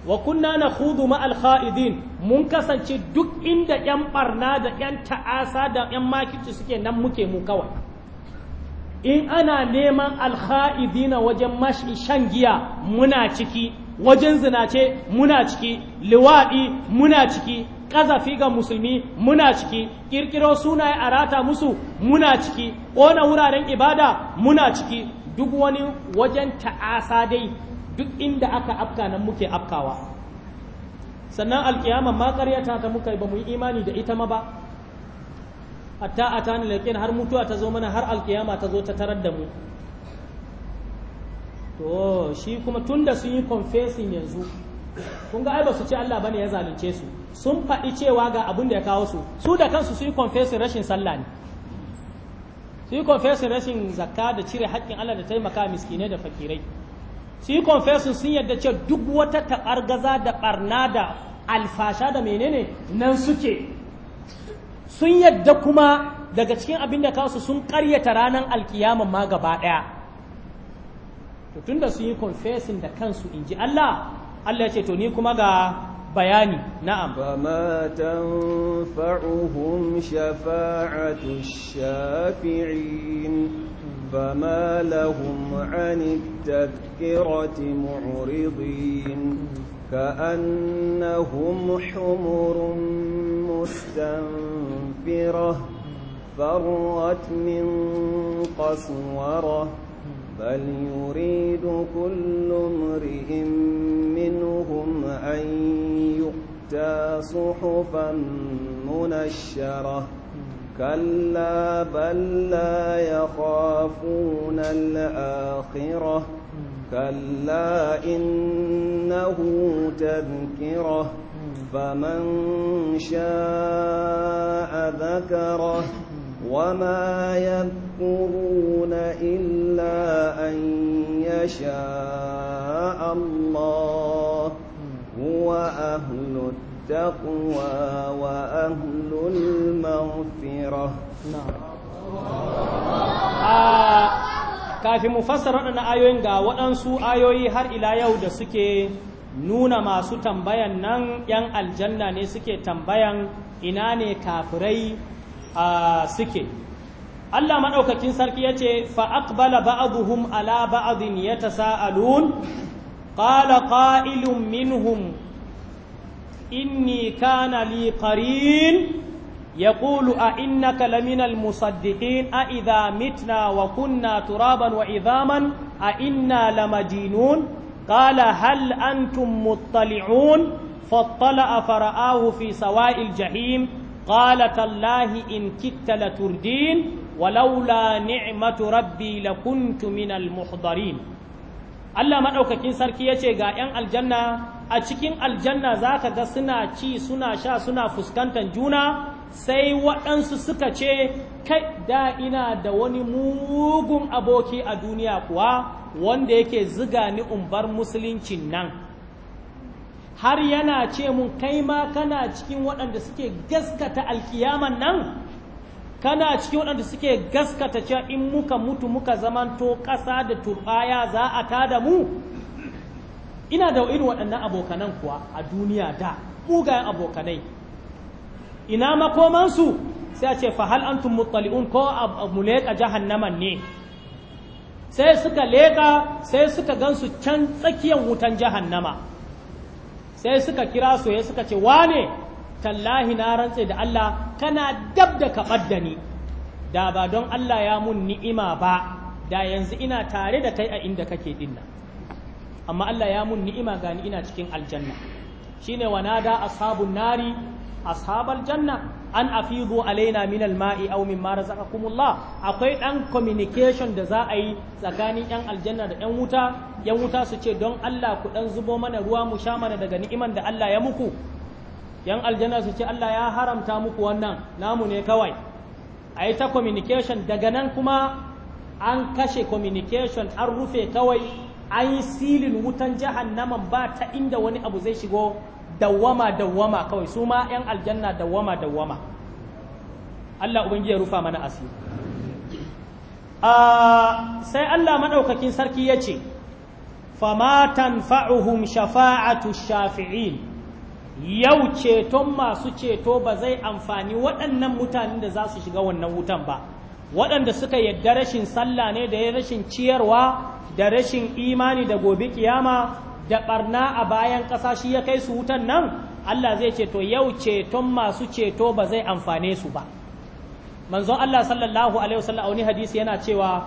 wa kunna nakhudu ma al-kha'idin mun kasance duk inda yan barna da yan ta'asa da yan makici suke nan muke mu kawai in ana neman na wajen mashi shan giya muna ciki wajen zinace muna ciki liwaɗi muna ciki ƙazafi ga musulmi muna ciki ƙirƙiro sunaye a rata musu muna ciki ƙona wuraren ibada muna ciki duk wani wajen ta'asa dai duk inda aka afka nan muke afkawa sannan alkiyama ma ƙaryata ta muka ba mu yi imani da ita ma ba hatta tani laqin har mutuwa ta zo mana har alkiyama ta zo ta tarar da mu to shi kuma tunda sun yi confessing yanzu kun ga ai ba su ce Allah bane ya zalunce su sun faɗi cewa ga abin da ya kawo su su da kansu su yi confessing rashin sallah ne su yi confessing rashin zakka da cire haƙƙin Allah da taimaka miskinai da fakirai su yi confessing sun yadda cewa duk wata taɓargaza da ɓarna da alfasha da menene nan suke sun yadda kuma daga cikin abin da kasu sun karyata ranar alkiyaman ma gaba ɗaya to tun da sun yi confessing da kansu in ji Allah Allah ya ce to ni kuma ga bayani na'am fama tanfa'uhum shafa'atu shafi'in fama lahum 'ani tadhkirati mu'ridin كأنهم حمر مستنفرة فرت من قسورة بل يريد كل امرئ منهم أن يؤتى صحفا منشرة كلا بل لا يخافون الآخرة كلا إنه تذكرة فمن شاء ذكره وما يذكرون إلا أن يشاء الله هو أهل التقوى وأهل المغفرة نعم آه. kafin mu fassara waɗannan ayoyin ga waɗansu ayoyi har ila yau da suke nuna masu tambayan nan 'yan aljanna ne suke tambayan ina ne kafirai a suke Allah maɗaukakin sarki ya ce fa'aƙbala ba'aduhum ala ba'adin ya ta sa'alun ƙala ƙa'ilun minhum inni kana li qarin يقول أئنك لمن المصدقين أئذا متنا وكنا ترابا وعظاما أئنا لمدينون قال هل أنتم مطلعون فاطلع فرآه في سواء الجحيم قال تالله إن كدت لتردين ولولا نعمة ربي لكنت من المحضرين Allah maɗaukakin sarki ya ce ga 'yan aljanna a cikin aljanna za ka ga suna ci suna sha suna fuskantar juna sai waɗansu suka ce kai da ina da wani mugun aboki a duniya kuwa wanda yake ziga ni umbar musuluncin nan har yana ce mun kai ma kana cikin waɗanda suke gaskata alkiyaman nan kana cikin waɗanda suke gaskata cewa in muka mutu muka zamanto ƙasa da turbaya za a tada mu ina da irin waɗannan abokanan kuwa a duniya da mugayen abokanai ina makomansu sai a ce fahal antum muttali'un ko mu leƙa jahannaman ne sai suka leƙa sai suka gansu can tsakiyar wutan jahannama sai suka kira su ya suka ce wane tallahi na rantse da Allah kana dab da kaɓar da ni da ba don Allah ya mun ni'ima ba da yanzu ina tare da kai a inda kake dinna amma Allah ya mun ni'ima gani ina cikin aljanna shine wanada ashabun nari ashabal janna an afidu alaina min alma'i aw mimma razaqakumullah akwai dan communication da za a yi tsakanin yan aljanna da yan wuta yan wuta su ce don Allah ku dan zubo mana ruwa mu sha mana daga ni'iman da Allah ya muku yan aljanna su ce Allah ya haramta muku wannan namu ne kawai a yi ta communication daga nan kuma an kashe communication an rufe kawai an yi silin wutan jahannama ba ta inda wani abu zai shigo dawwama dawwama kawai su ma 'yan aljanna dawwama dawwama Allah ubangi ya rufa mana asiri sai Allah maɗaukakin sarki ya ce fama tanfa'uhum shafa'atu shafi'in yau ceton masu ceto ba zai amfani waɗannan mutanen da za su shiga wannan wutan ba waɗanda suka yadda rashin sallah ne da rashin ciyarwa da rashin imani da gobe kiyama da barna a bayan ƙasa shi ya kai su wutan nan Allah zai ceto yau ceton masu ceto ba zai amfane su ba manzon Allah sallallahu alaihi wasallam wani hadisi yana cewa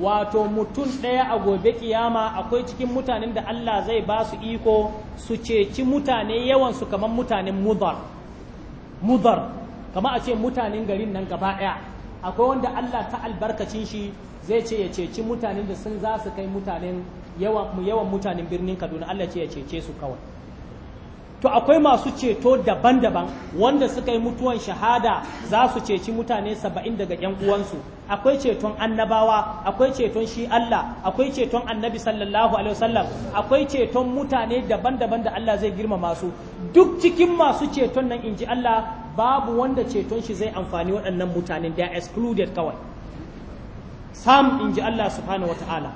wato mutum ɗaya a gobe kiyama akwai cikin mutanen da Allah zai ba su iko su ceci mutane yawan su kamar mutanen mudar mudar kamar a ce mutanen garin nan gaba ɗaya akwai wanda Allah ta albarkacin shi zai ce ya ceci mutanen da sun za su kai mutanen yawan mutanen birnin kaduna allah ce ya cece su kawai to akwai masu ceto daban-daban wanda suka yi mutuwan shahada za su ceci mutane saba'in daga yan uwansu akwai ceton annabawa akwai ceton shi Allah akwai ceton annabi sallallahu alaihi wasallam akwai ceton mutane daban-daban da Allah zai girmama su duk cikin masu ceton nan inji Allah babu wanda ceton shi zai amfani waɗannan mutanen da excluded kawai sam in ji Allah subhanahu wata'ala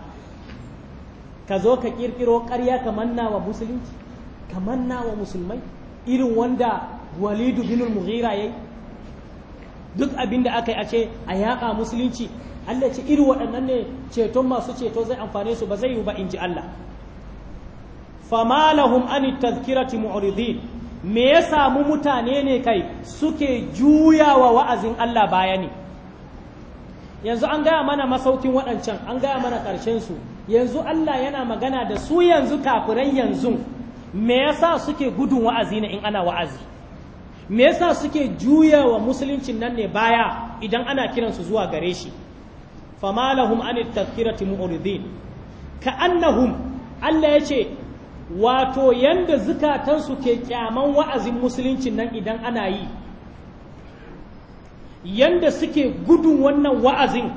ka zo ka ƙirƙiro karya ka manna wa musulunci ka manna wa musulmai irin wanda walidu bin mughira yi duk abinda aka yi a ce a yaƙa musulunci Allah ce irin waɗannan ne ceton masu ceto zai amfane su ba zai yi ba in ji Allah Famala lahum an tazkirati mu'ridin me ya samu mutane ne kai suke juyawa wa'azin Allah baya ne yanzu an gaya mana masaukin waɗancan an gaya mana ƙarshen su yanzu Allah yana magana da su yanzu kafiran yanzu me yasa suke gudun wa'azi na in ana wa'azi me yasa suke juya wa musuluncin nan ne baya idan ana kiransu zuwa gare shi famalahum lahum anit mu'ridin ka annahum Allah ya ce, wato yanda zukatansu ke kyaman wa'azin musuluncin nan idan ana yi yanda suke gudun wannan wa'azin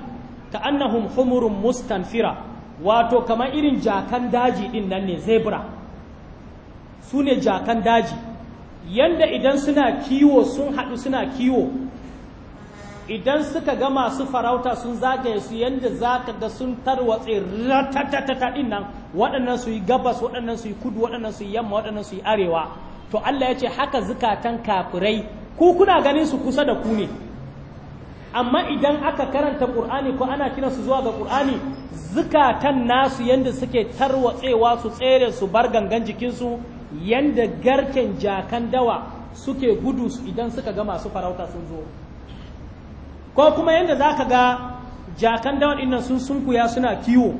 ta annahum humurun mustanfira wato kamar irin jakan daji din nan ne zebra su ne jakan daji yanda idan suna kiwo sun haɗu suna kiwo idan suka ga masu farauta sun zagaye su yanda za ka ga sun tarwatse ratatatata ɗin nan waɗannan su yi gabas waɗannan su yi kudu waɗannan su yi yamma waɗannan su yi arewa to Allah ya ce haka zukatan kafirai ku kuna ganin su kusa da ku ne amma idan aka karanta ƙur'ani ko ana su zuwa ga ƙur'ani zukatan nasu yadda suke tarwatsewa su tsere su bar gangan jikinsu yadda garken jakan dawa suke gudu idan suka ga masu farauta sun zo ko kuma yadda za ka ga jakan dawa ɗin sun sunkuya suna kiwo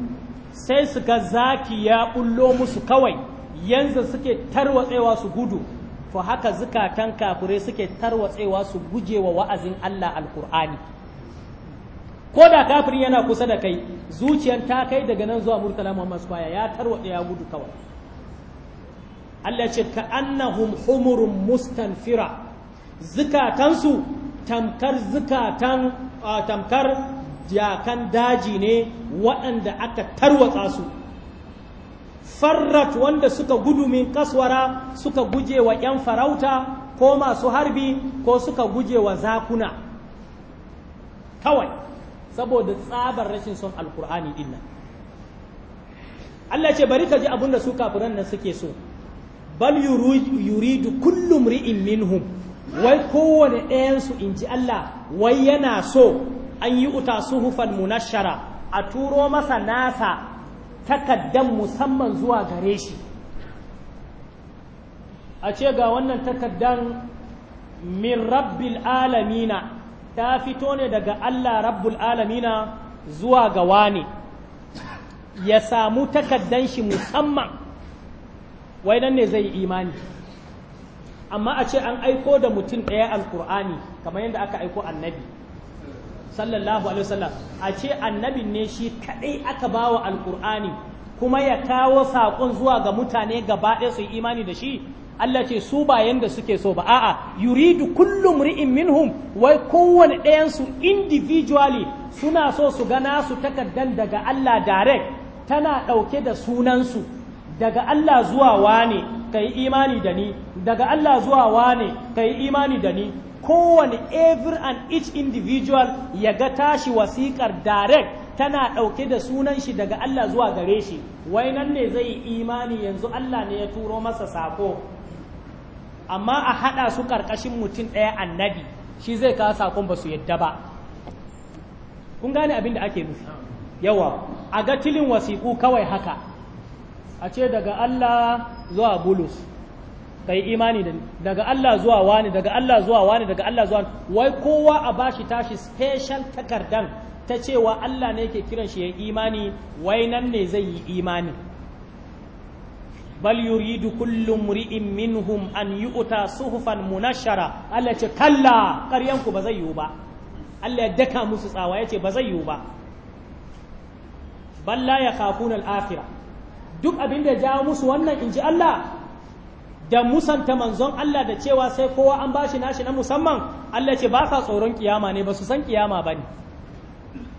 sai su ga zaki ya ɓullo musu kawai yanzu suke tarwatsewa su gudu to haka zukatan kafirai suke tarwatsewa su guje wa wa'azin Allah alkur'ani ko da kafirin yana kusa da kai zuciyar ta kai daga nan zuwa murtala muhammad baya ya tarwatsa ya gudu kawai Allah ce ka annahum humurun fira, zukatansu tamkar zukatan tamkar jakan daji ne waɗanda aka tarwatsa su farrat wanda suka gudu min kaswara suka guje wa 'yan farauta ko masu harbi ko suka guje wa zakuna kawai saboda tsabar rashin son alkur'ani dinnan Allah ce bari ka ji abin da su kafiran nan suke so bal yuridu kullum ri'in minhum wai kowane ɗayansu in ji Allah wai yana so an yi uta suhufan munashara a turo masa nasa takaddan musamman zuwa gare shi a ce ga wannan takaddan min rabbil alamina ta fito ne daga Allah rabbul alamina zuwa ga wane ya samu takaddan shi musamman wai nan ne zai imani amma a ce an aiko da mutum ɗaya alkur'ani kamar yadda aka aiko annabi sallallahu alaihi wasallam a ce annabin ne shi kadai aka bawa alqur'ani kuma ya kawo saƙon zuwa ga mutane gaba ɗaya su yi imani da shi Allah ce su ba yanda suke so ba a'a yuridu kullu mri'in minhum wai kowane ɗayan su individually suna so su ga nasu takaddan daga Allah direct tana ɗauke da sunansu daga Allah zuwa wane kai imani da ni daga Allah zuwa wane kai imani da ni kowane every and each individual ya ga tashi wasiƙar direct tana ɗauke da sunan shi daga Allah zuwa gare shi wai nan ne zai imani yanzu Allah ne ya turo masa sako amma a haɗa su ƙarƙashin mutum ɗaya annabi shi zai kawo sakon ba su yadda ba kun gane abin da ake nufi yawa a ga tilin wasiƙu kawai haka a ce daga Allah zuwa bulus yi imani da daga Allah zuwa wani daga Allah zuwa wani daga Allah zuwa wai kowa a bashi tashi special takardan ta cewa Allah ne yake kiran shi ya imani wai nan ne zai yi imani bal yuridu kullu mri'in minhum an yu'ta suhufan munashara Allah ce kalla ƙaryan ku ba zai yiwu ba Allah ya daka musu tsawa yace ba zai yiwu ba bal la yakhafuna al-akhirah duk abin da ya jawo musu wannan inji Allah da musanta manzon Allah da cewa sai kowa an bashi nashi na musamman Allah ce ba sa tsoron kiyama ne ba su san kiyama ba ne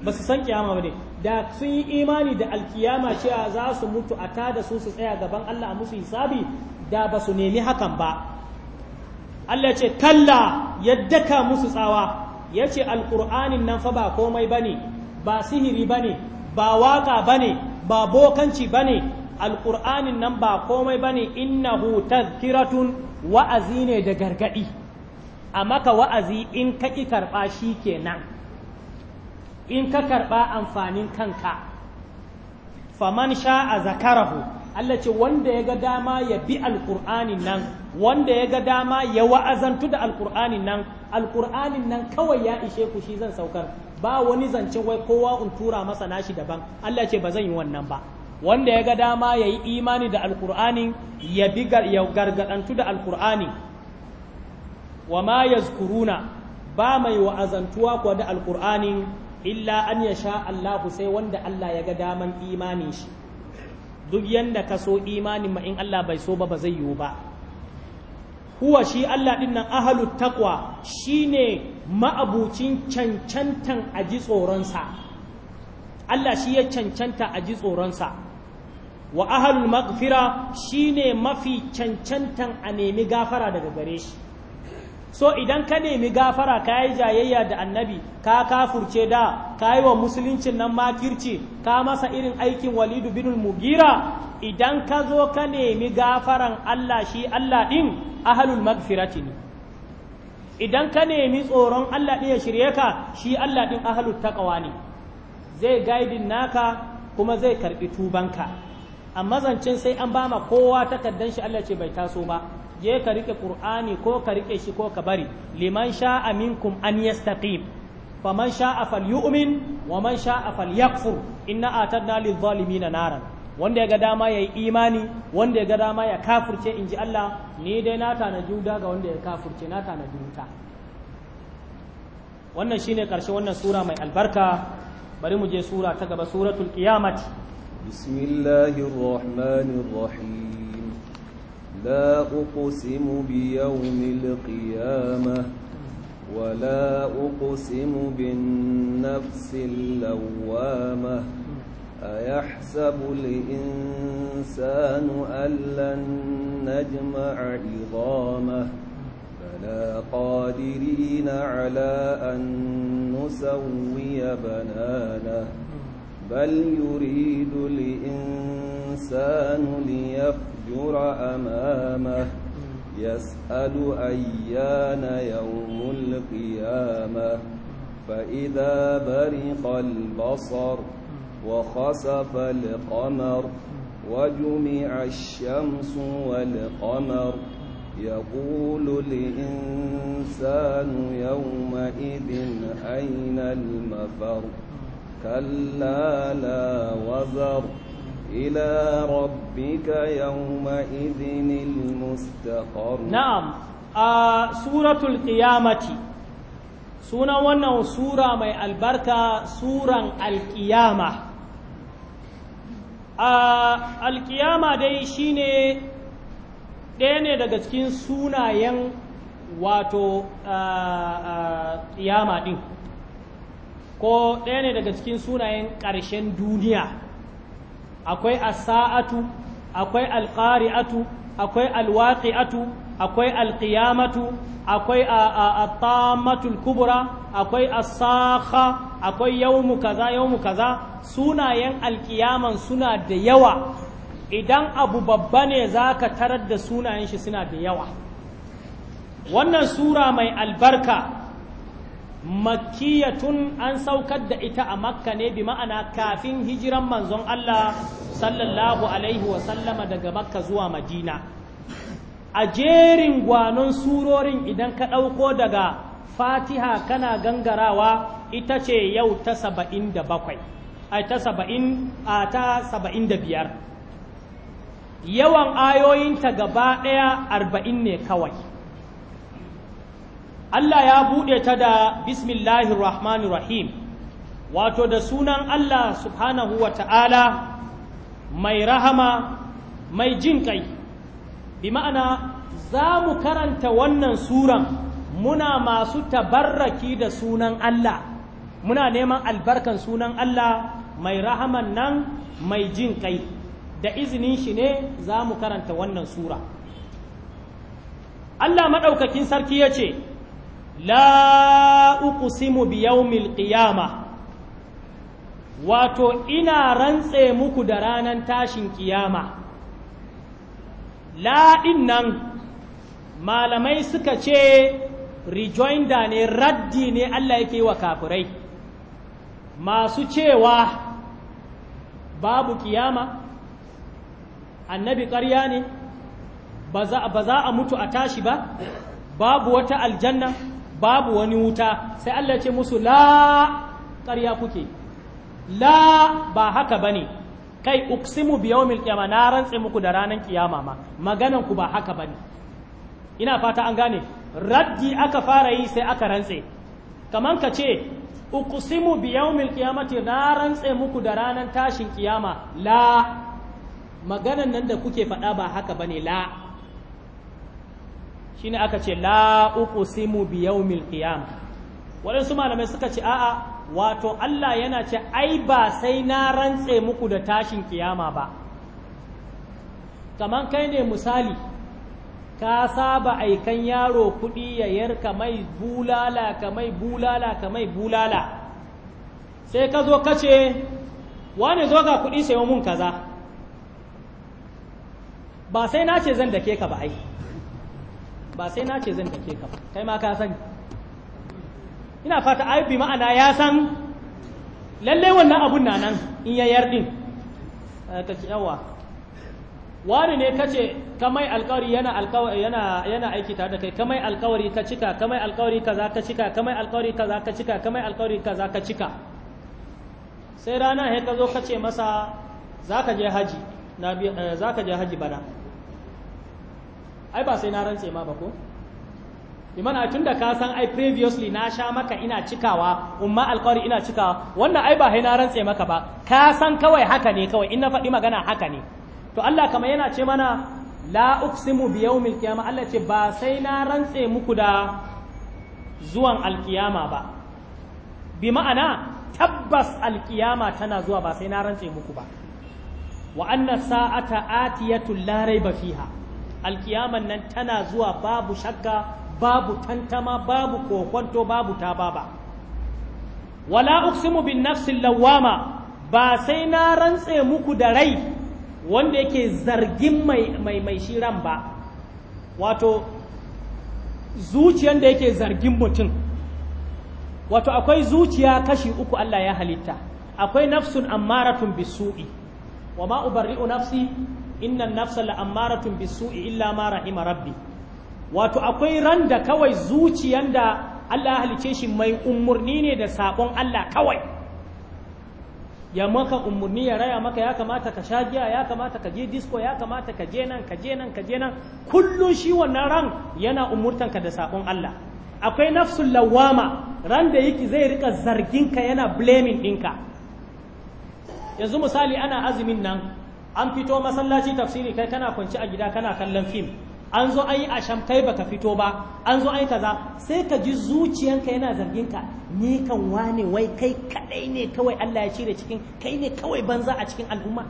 ba su san kiyama ba ne da sun yi imani da alkiyama cewa za su mutu a tada su su tsaya gaban Allah a musu hisabi da ba su nemi hakan ba Allah ce kalla yadda ka musu tsawa ya ce alkur'anin nan fa ba komai ba ne ba sihiri ba ne ba waƙa ba ne ba bokanci ba ne alƙur'anin nan ba komai ba ne innahu tazkiratun wa'azi ne da gargaɗi a maka wa'azi in ka ƙi karɓa shi kenan in ka karɓa amfanin kanka faman sha a zakarahu Allah ce wanda ya ga dama ya bi alƙur'anin nan wanda ya ga dama ya wa'azantu da alƙur'anin nan alƙur'anin nan kawai ya ishe ku shi zan saukar ba wani zance wai kowa in tura masa nashi daban Allah ce ba zan yi wannan ba wanda ya ga dama ya yi imani da alkur'ani ya gargadantu da alkur'ani wa ma yazkuruna ba mai wa'azantuwa kuwa da alkur'ani illa an ya sha Allahu sai wanda Allah ya ga daman imanin shi duk yadda ka so imanin ma in Allah bai so ba ba zai yiwu ba Kuwa shi Allah din nan ahalut shi shine ma'abucin cancantan ji tsoronsa Allah shi ya cancanta a ji tsoronsa wa ahalul maghfira shine mafi cancantan a nemi gafara daga gare shi so idan ka nemi gafara ka yi jayayya da annabi ka kafurce da ka yi wa musuluncin nan makirci ka masa irin aikin walidu binul mugira idan ka zo ka nemi gafaran Allah shi Allah din ahalul maghfirati ne idan ka nemi tsoron Allah ɗin ya shirye ka shi Allah din ahalul taƙawa ne zai gaidin naka kuma zai karɓi tubanka amma zancen sai an bama kowa takardar shi Allah ce bai taso ba je ka rike qur'ani ko ka rike shi ko ka bari liman sha'a minkum an yastaqim faman sha'a falyu'min wa man sha'a falyakfur inna atadna lidh na naran wanda ya ga dama ya yi imani wanda ya ga dama ya kafurce in ji Allah ni dai na tana juda ga wanda ya kafirce na tana juta. wannan shine karshe wannan sura mai albarka bari mu je sura ta gaba suratul qiyamati بسم الله الرحمن الرحيم لا أقسم بيوم القيامة ولا أقسم بالنفس اللوامة أيحسب الإنسان أن لن نجمع عظامه بلى قادرين على أن نسوي بنانه بل يريد الإنسان ليفجر أمامه يسأل أيان يوم القيامة فإذا برق البصر وخسف القمر وجمع الشمس والقمر يقول الإنسان يومئذ أين المفر كلا لا وزر إلى ربك يومئذ المستقر نعم آه سورة القيامة سورة ونو سورة مي البركة سورة القيامة آه القيامة دي شيني ɗaya ne daga cikin sunayen wato ƙiyama ɗin ko ɗaya ne daga cikin sunayen ƙarshen duniya akwai asa'atu akwai alƙari'atu akwai alwaƙi'atu akwai alƙiyamatu akwai attamatul kubura akwai asaha akwai yawmu kaza yawmu kaza sunayen alƙiyaman suna da yawa idan abu babba ne za ka tarar da sunayen shi suna da yawa wannan sura mai albarka makiyatun an saukar da ita a makka ne bi ma'ana kafin hijiran manzon Allah sallallahu alaihi wa sallama daga makka zuwa madina a jerin gwanon surorin idan ka ɗauko daga fatiha kana gangarawa ita ce yau ta saba'in da bakwai ta a ta saba'in da biyar yawan ayoyinta gaba ɗaya arba'in ne kawai Allah ya buɗe ta da bismillahir rahmanir rahim wato da sunan Allah subhanahu wa ta'ala mai rahama mai jin kai bi ma'ana za mu karanta wannan suran muna masu tabarraki da sunan Allah muna neman albarkan sunan Allah mai rahaman nan mai jin kai da izinin shi ne za mu karanta wannan sura Allah maɗaukakin sarki ya ce la uqsimu bi yawmil qiyama wato ina rantse muku da ranan tashin kiyama la nan malamai suka ce rejoinder ne raddi ne Allah yake wa kafirai masu cewa babu kiyama annabi ƙarya ne ba za a mutu a tashi ba babu wata aljanna babu wani wuta sai Allah ce musu la ƙarya kuke la ba haka bane kai uksimu bi yawmil qiyama na rantse muku da ranan kiyama ma maganan ku ba haka bane ina fata an gane raddi aka fara yi sai aka rantse kaman ka ce uksimu bi yawmil qiyamati na rantse muku da ranan tashin kiyama la maganan nan da kuke faɗa ba haka bane la shine aka ce la uqsimu bi yawmil qiyam waɗansu malamai suka ce a'a wato Allah yana ce ai ba sai na rantse muku da tashin kiyama ba kaman kai ne misali ka saba aikan yaro kuɗi ya yarka mai bulala ka mai bulala ka mai bulala sai ka zo ka ce wane zo ga kuɗi sayo mun kaza ba sai na ce zan dake ka ba ai ba sai na ce zan dake ka kai ma ka sani ina fata ai bi ma'ana ya san lalle wannan abun na nan in ya yardin ta eh, ci yawa wani ne kace kamai alkawari yana alkawari yana yana aiki tare da kai kamai alkawari ka cika kamai alkawari kaza ka cika kamai alkawari kaza ka cika kamai alkawari kaza ka cika sai rana he ka zo kace masa zaka je haji na eh, zaka je haji bana ai ba sai na rantse ma ba ko imana tun da ka san ai previously na sha maka ina cikawa umma alƙawari ina cikawa wannan ai ba na rantse maka ba ka san kawai haka ne kawai in na faɗi magana haka ne to Allah kamar yana ce mana la uqsimu bi yawmil qiyama Allah ce ba sai na rantse muku da zuwan alkiyama ba bi ma'ana tabbas alkiyama tana zuwa ba sai na rantse muku ba wa anna sa'ata atiyatul la raiba fiha alkiyaman nan tana zuwa babu shakka babu tantama babu kokonto babu tababa wala uqsimu bin nafsin lawama ba sai na rantse muku da rai wanda yake zargin mai mai shiran ba wato zuciyar da yake zargin mutum wato akwai zuciya kashi uku Allah ya halitta akwai nafsun ammaratun bisu'i wa ma ubarri'u nafsi innan nafsa la'ammaratun bisu'i illa ma rahima rabbi wato akwai ran da kawai zuciyan da Allah halice shi mai umurni ne da sakon Allah kawai ya maka umurni ya raya maka ya kamata ka sha giya ya kamata ka je disco ya kamata ka je nan ka je nan ka je nan kullun shi wannan ran yana umurtanka da sakon Allah akwai nafsul lawama ran da yake zai rika zargin ka yana blaming ɗinka yanzu misali ana azumin nan an fito masallaci tafsiri kai kana kwanci a gida kana kallon fim an zo an yi asham kai baka fito ba an zo an yi kaza sai ka ji zuciyanka yana zargin ka ni kan wane wai kai kadai ne kawai Allah ya cire cikin kai ne kawai banza a cikin al'umma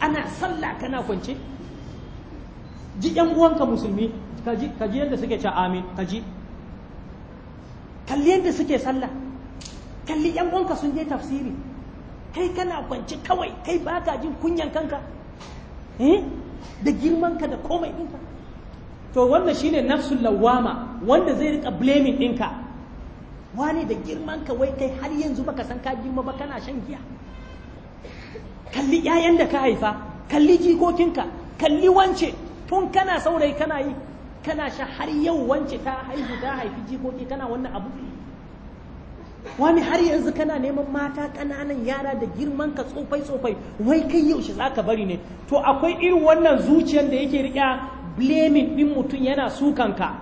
ana sallah kana kwance ji yan uwanka musulmi ka ji yadda suke ce amin ka ji kalli yadda suke sallah kalli yan uwanka sun je tafsiri kai kana kwance kawai kai ba ka jin kunyan kanka eh? da girmanka da komai ɗinka to wannan shine nafsun lawama wanda zai rika blaming dinka. Wani da girmanka wai kai har yanzu baka san ka girma ba kana shan giya kalli 'ya'yan da ka haifa kalli jikokinka kalli wance tun kana saurayi kana yi kana sha har yau wance ta haihu ta haifi jikoki kana wannan abu wani har yanzu kana neman mata ƙananan yara da girman ka tsofai tsofai wai kai yaushe za ka bari ne to akwai irin wannan zuciyar da yake riƙa blaming ɗin mutum yana sukanka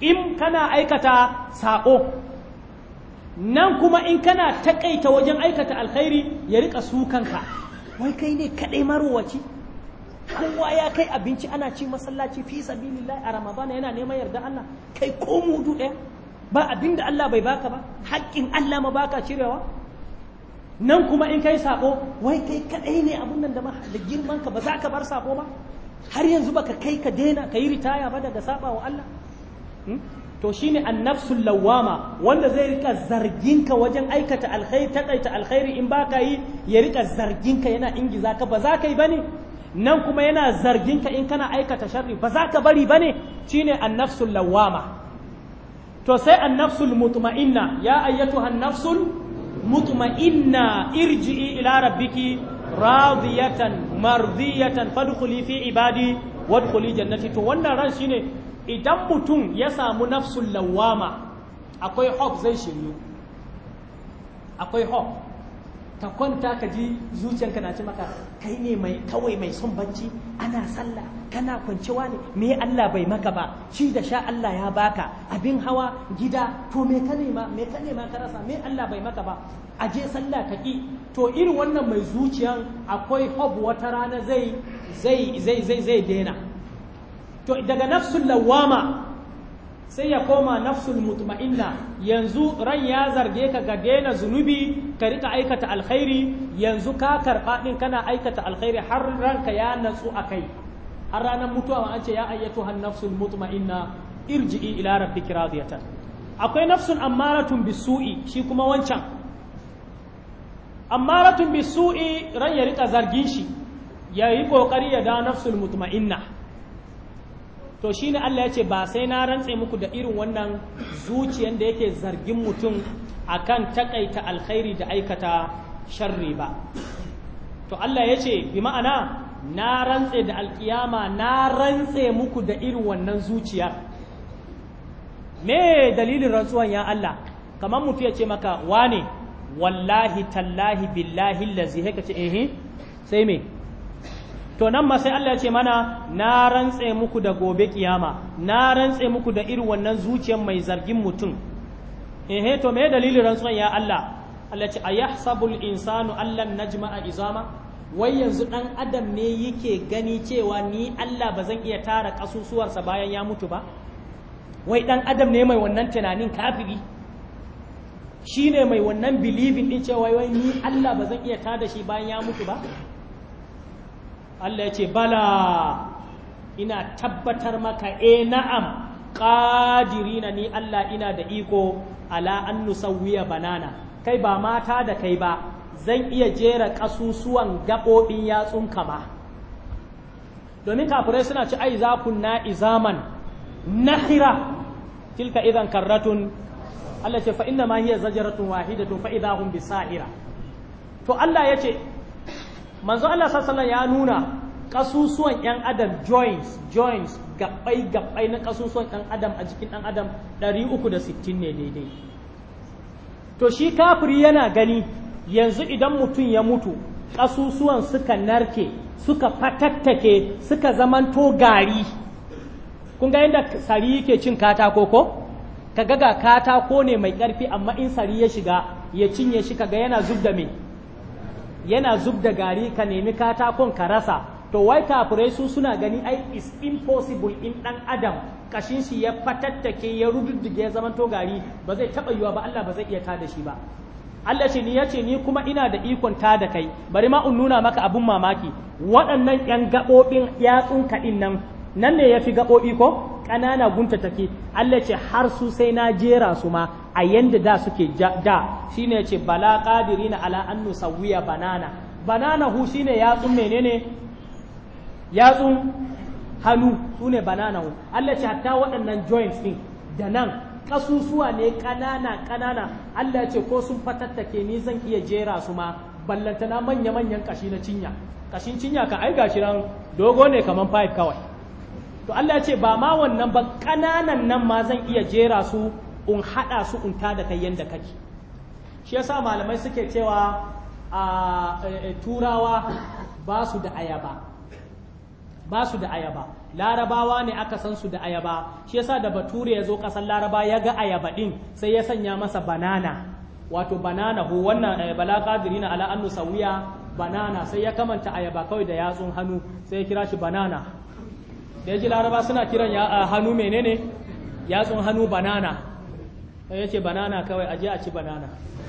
in kana aikata saƙo nan kuma in kana taƙaita wajen aikata alkhairi ya riƙa sukanka wai kai ne kaɗai marowaci kowa ya kai abinci ana ci masallaci fi sabilillahi a ramadana yana neman yarda Allah kai ko mudu ɗaya ba abin da Allah bai baka ba haƙƙin Allah ma baka cirewa nan kuma in kai sako wai kai kadai ne abun nan da da girman ka ba za ka bar sako ba har yanzu baka kai ka daina ka yi ritaya ba daga saba wa Allah hmm? to shine annafsul lawama wanda zai rika zargin ka wajen aikata alkhairi takaita alkhairi in baka yi ya rika zargin ka yana ingiza ka ba za ka yi bane nan kuma yana zargin ka in kana aikata sharri ba za ka bari bane shine annafsul lawwama to sai annafsul mutma'inna ya ayyatuha annafsul mutma'inna irji'i ila rabbiki radiyatan mardiyatan fadkhuli fi ibadi wadkhuli jannati to wannan ran shine idan mutum ya samu nafsul lawama akwai hope zai shiryu akwai hope ka kwanta ka ji zuciyanka na ce maka kai ne mai kawai mai son bacci ana sallah kana kwanciwa ne me Allah bai maka ba shi da sha Allah ya baka abin hawa gida to me ka nema me ka nema ka rasa me Allah bai maka ba a je sallah ka ki to irin wannan mai zuciyan akwai hob wata rana zai zai zai zai zai to daga nafsul lawama sai ya koma nafsul mutma'inna yanzu ran ya zarge ka ga daina zunubi ka rika aikata alkhairi yanzu ka karba din kana aikata alkhairi har ranka ya natsu akai har ranar mutuwa an ce ya ayyatu han nafsul mutma'inna irji'i ila rabbiki radiyatan akwai nafsun ammaratun bisu'i shi kuma wancan ammaratun bisu'i ran ya rika zargin shi ya yi kokari ya da nafsul mutma'inna to shi ne Allah ya ce ba sai na rantse muku da irin wannan zuciyan da yake zargin mutum a kan takaita alkhairi da aikata sharri ba to Allah ya ce bi ma'ana na rantse da alkiyama na rantse muku da irin wannan zuciyar me dalilin rantsuwan ya Allah kamar mutum ya ce maka wane wallahi tallahi billahi lazi haka ce ehe sai me to nan ma sai Allah ya ce mana na rantse muku da gobe kiyama na rantse muku da irin wannan zuciyar mai zargin mutum ehe to me dalilin rantsuwan ya Allah Allah ce ayahsabul insanu allan najma'a izama wai yanzu dan adam ne yake gani cewa ni Allah ba zan iya tara kasusuwarsa bayan ya mutu ba wai dan adam ne mai wannan tunanin kafiri shine mai wannan believing din cewa wai ni Allah ba zan iya tada shi bayan ya mutu ba Allah ya ce bala ina tabbatar maka e na'am qadirina ni Allah ina da iko ala an nusawwiya banana kai ba mata da kai ba zan iya jera kasusuwan gabobin yatsunka ba domin kafirai suna ci ai za na izaman nahira tilka idan karratun Allah ce fa inna ma hiya zajratun wahidatun fa idahum bisahira to Allah ya ce. manzo Allah sallallahu ya nuna kasusuwan yan adam joints joints gabbai gabbai na kasusuwan yan adam a jikin ɗan adam 360 ne daidai to shi kafiri yana gani yanzu idan mutum ya mutu kasusuwan suka narke suka fatattake suka zamanto gari kun ga yadda sari yake cin katako ko kaga ga katako ne mai ƙarfi amma in sari ya shiga ya cinye shi kaga yana zub mai yana zub da gari ka nemi katakon ka rasa to wai kafirai su suna gani ai is impossible in dan adam kashin shi ya fatattake ya rududdige ya zamanto gari ba zai taba yiwa ba Allah ba zai iya tada shi ba Allah shi ni yace ni kuma ina da ikon tada kai bari ma in nuna maka abun mamaki waɗannan yan gaɓoɓin yatsun din nan nan ne yafi fi ko ƙanana gunta take Allah ce har su sai na jera su ma a yanda da suke da shi ce bala ƙadiri na alaannu nusawwiya banana banana hu shi ne yatsun menene yatsun hannu sune banana hu Allah ce hatta waɗannan joints ɗin da nan ƙasusuwa ne ƙanana ƙanana Allah ce ko sun fatattake ni zan iya jera su ma ballantana manya manyan kashi na cinya kashin cinya ka ai gashi ran dogo ne kamar five kawai to Allah ce ba ma wannan ba ƙananan nan ma zan iya jera su in haɗa su in tada kai yanda kake shi yasa malamai suke cewa a e, e, turawa ba su da ayaba ba su da ayaba larabawa ne aka san su da ayaba shi yasa da bature ya zo ƙasar laraba ya ga ayaba ɗin sai ya sanya masa banana wato banana ko wannan e, bala qadiri na ala annu banana sai ya kamanta ayaba kawai da yatsun hannu sai ya kira shi banana da ya ji laraba suna kiran hannu menene yatsun hannu banana sai ya ce banana kawai aje a ci banana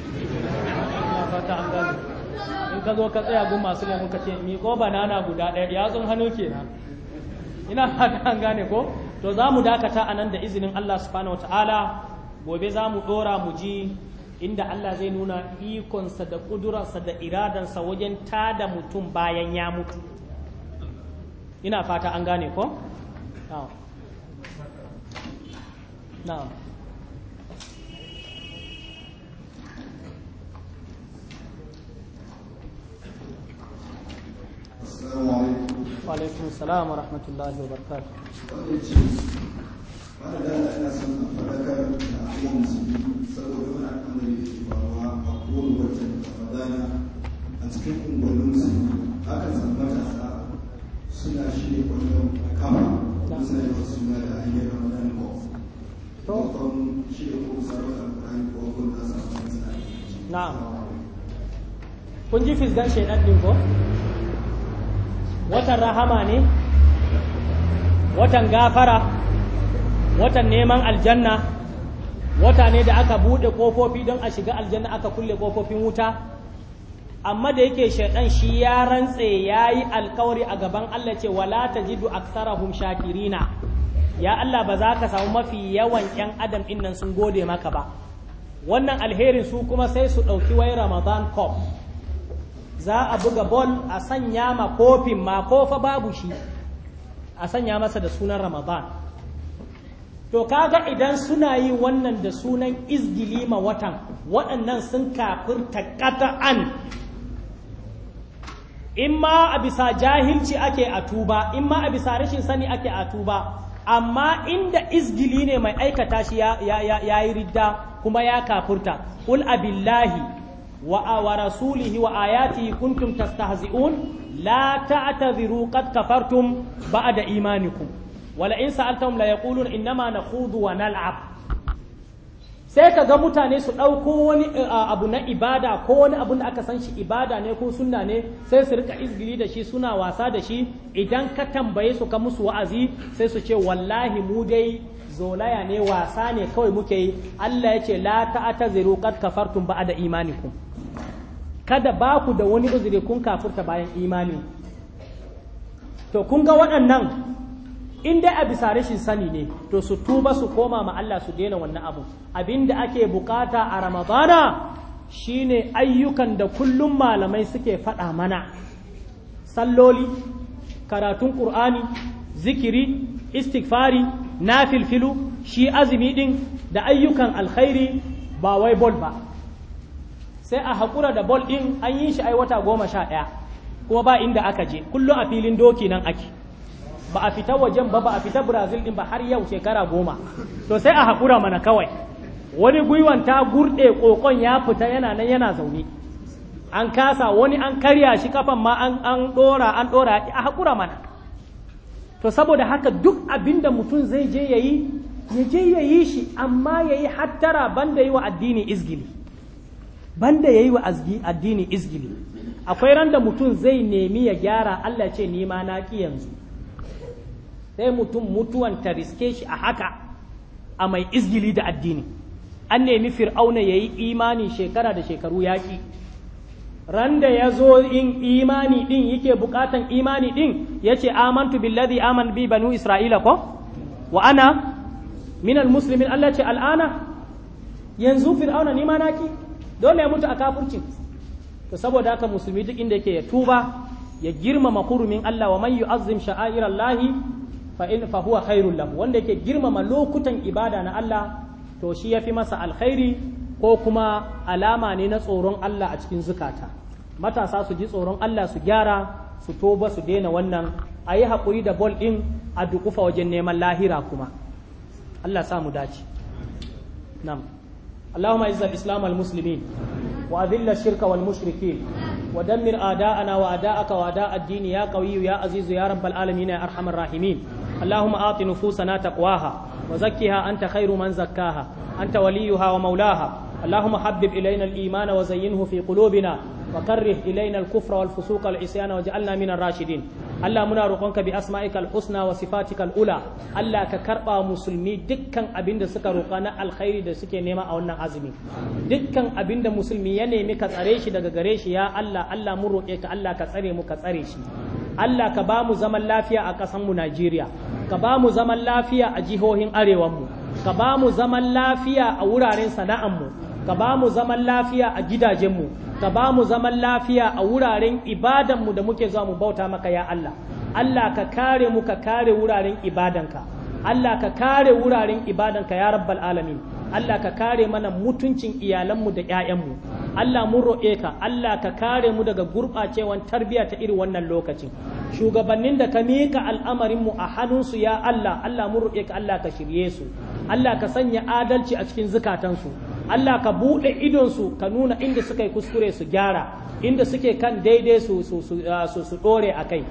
ina fata an gane in ka zo ka tsaya gun masu ne muka ce miko banana guda ɗaya yatsun hannu kenan ina fata an gane ko to za mu dakata a nan da izinin Allah subhanahu ta'ala gobe za mu ɗora mu ji inda Allah zai nuna ikonsa da ƙudurarsa da iradansa wajen tada mutum bayan ya mutu ina fata an gane ko? na'am السلام عليكم وعليكم السلام ورحمة الله وبركاته نعم. طيب. نعم كنت في الزنشين أدنى watan rahama ne watan gafara watan neman aljanna wata ne da aka buɗe ƙofofi don a shiga aljanna aka kulle kofofin wuta amma da yake shaidan shi ya rantse ya yi alkawari a gaban Allah ce wala ta jidu aksarahum shakirina ya Allah ba za ka samu mafi yawan 'yan adam innan sun gode maka ba wannan alherin su kuma sai su ɗauki wai ramadan cup za a buga bol a sanya ma kofin ma kofa babu shi a sanya masa da sunan ramadan to kaga idan suna yi wannan da sunan izgilima watan waɗannan sun kafirta ƙata'an in ma a bisa jahilci ake a tuba in ma a bisa rashin sani ake a tuba amma inda izgili ne mai aikata shi ya yi ridda kuma ya kafurta ul abillahi wa rasulihi ورسوله وآياته كنتم تستهزئون لا تعتذروا قد كفرتم بعد إيمانكم ولئن سألتم ليقولون nakhudhu wa nal'ab sai ka ga mutane su ɗauko wani eh, abu na ibada ko wani abu da aka san shi ibada ne ko sunna ne sai su rika izgili da shi suna wasa da shi idan ka tambaye su ka musu wa'azi sai su ce wallahi mu dai zolaya ne wasa ne kawai muke yi Allah ya ce la ta'tazuru qad kafartum ba'da imanikum kada ba ku da wani uzuri kun kafurta bayan imani to kun ga waɗannan in dai a bisa rashin sani ne to su tuba su koma ma Allah su daina wannan abu abinda ake bukata a ramadana shine ayyukan da kullum malamai suke faɗa mana salloli karatun ƙur'ani zikiri istighfari filfilu, shi azumi din da ayyukan alkhairi ba wai bol ba sai a haƙura da bol ɗin an yi shi ai wata goma sha ɗaya kuma ba inda aka je kullum a filin doki nan ake ba a fita wajen ba ba a fita brazil ɗin ba har yau shekara goma to sai a haƙura mana kawai wani gwiwan ta gurɗe ƙoƙon ya fita yana nan yana zaune an kasa wani an karya shi kafan ma an ɗora an ɗora a haƙura mana to saboda haka duk abinda mutum zai je ya yi ya je ya yi shi amma ya yi hattara banda yi wa addini izgili banda yayi wa addini izgili akwai ran da mutum zai nemi ya gyara Allah ce ni ma na ki yanzu sai mutum mutuwan ta riske shi a haka a mai izgili da addini an nemi fir'auna yayi yi imani shekara da shekaru yaki ran da ya zo in imani din yake bukatan imani din ya ce amantu billadhi aman bi banu isra'ila ko wa ana minal muslimin Allah ce al'ana yanzu fir'auna ni ma na ki. dole ya mutu a kafurcin to saboda haka musulmi duk inda yake ya tuba ya girmama hurumin Allah wa man yu'azzim sha'airallahi fa in fa huwa khairul lahu wanda yake girmama lokutan ibada na Allah to shi yafi masa alkhairi ko kuma alama ne na tsoron Allah a cikin zukata matasa su ji tsoron Allah su gyara su toba su daina wannan a yi haƙuri da bol ɗin a dukufa wajen neman lahira kuma Allah sa mu dace. Nam. اللهم اعز الاسلام والمسلمين واذل الشرك والمشركين ودمر اعداءنا واعداءك واعداء الدين يا قوي يا عزيز يا رب العالمين يا ارحم الراحمين اللهم اعط نفوسنا تقواها وزكها انت خير من زكاها انت وليها ومولاها اللهم حبب الينا الايمان وزينه في قلوبنا وكره إلينا الكفر والفسوق والعصيان وجعلنا من الراشدين الله منا روقنك بأسمائك الحسنى وصفاتك الأولى الله ككربا مسلمي دكان أبين دسك روقنا الخير دسك نيما أو نعزمي دكان أبين مسلمي ينمي كتريش دقريش يا الله الله مرو إيك الله كتري مكتريش Allah ka ba mu zaman lafiya a ƙasanmu Najeriya, ka ba mu zaman lafiya a jihohin arewanmu, ka ba mu zaman lafiya a wuraren sana'anmu, ka ba mu zaman lafiya a gidajenmu, ka ba mu zaman lafiya a wuraren ibadanmu da muke zuwa mu bauta maka ya Allah Allah ka kare mu ka kare wuraren ibadanka Allah ka kare wuraren ibadanka ya rabbal alamin Allah ka kare mana mutuncin iyalanmu da 'ya'yanmu Allah mun roƙe ka Allah ka kare mu daga gurɓacewan tarbiyya ta iri wannan lokacin shugabannin da ka miƙa al'amarinmu a hannunsu ya Allah Allah mun roƙe ka Allah ka shirye su Allah ka sanya adalci a cikin zukatansu Allah ka buɗe idonsu ka nuna inda suka yi kuskure su gyara inda suke kan daidai su su su ah, ɗore a kai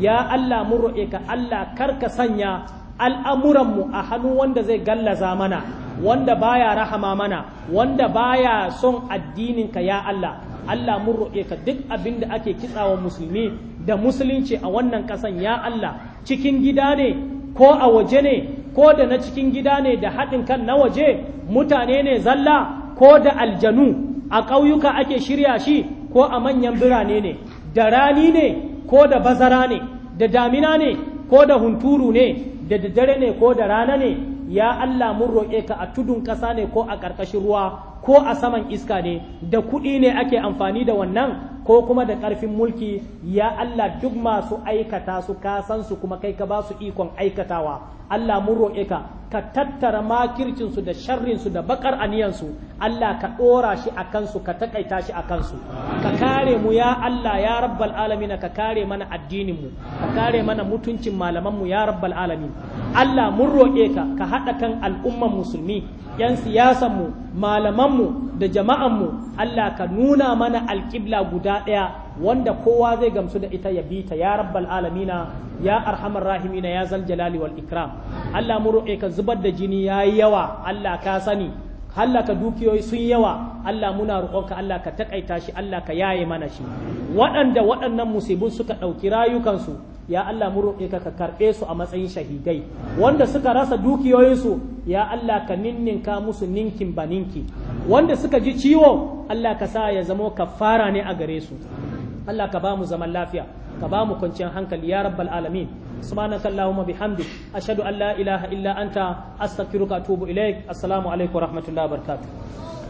ya Allah mun roƙe ka Allah kar ka sanya al'amuran mu a hannu wanda zai gallaza mana wanda baya rahama mana wanda baya son addinin ka ya Allah Allah mun roƙe ka duk abin da ake kitsawa musulmi da musulunci a wannan ƙasan ya Allah cikin gida ne ko a waje ne ko da na cikin gida ne da haɗin kan na waje mutane ne zalla ko da aljanu a ƙauyuka ake shirya shi ko a manyan birane ne da rani ne ko da bazara ne da damina ne ko da hunturu ne da daddare ne ko da rana ne ya Allah mun roƙe ka a tudun ƙasa ne ko a ƙarƙashin ruwa ko a saman iska ne da kuɗi ne ake amfani da wannan ko kuma da ƙarfin mulki ya Allah duk masu aikata su kasan su kuma kai ka ba su ikon aikatawa Allah mun roƙe ka ka tattara makircinsu da sharrinsu da bakar aniyansu Allah ka ɗora shi a kansu ka takaita shi a kansu ka kare mu ya Allah ya rabbal alamin ka kare mana addinin mu ka kare mana mutuncin malaman mu ya rabbal alamin Allah mun roƙe ka ka haɗa kan al'umman musulmi yan siyasanmu malamanmu da jama'anmu Allah ka nuna mana alƙibla guda ɗaya wanda kowa zai gamsu da ita ya bi ta ya rabbal alamina ya arhamar rahimina ya zal jalali wal ikram Allah mu roƙe ka zubar da jini yayi yawa Allah ka sani hallaka dukiyoyi sun yawa Allah muna roƙonka Allah ka taƙaita shi Allah ka yaye mana shi waɗanda waɗannan musibin suka ɗauki rayukansu ya Allah mu roƙe ka ka karɓe su a matsayin shahidai wanda suka rasa dukiyoyinsu ya Allah ka ninninka musu ninkin ba ninki wanda suka ji ciwo Allah ka sa ya zamo kafara ne a gare su Allah ka ba mu zaman lafiya ka ba mu kwanciyar hankali ya rabbal alamin subhanaka allahumma bihamdik ashhadu an la ilaha illa anta astaghfiruka wa atubu ilaik assalamu alaikum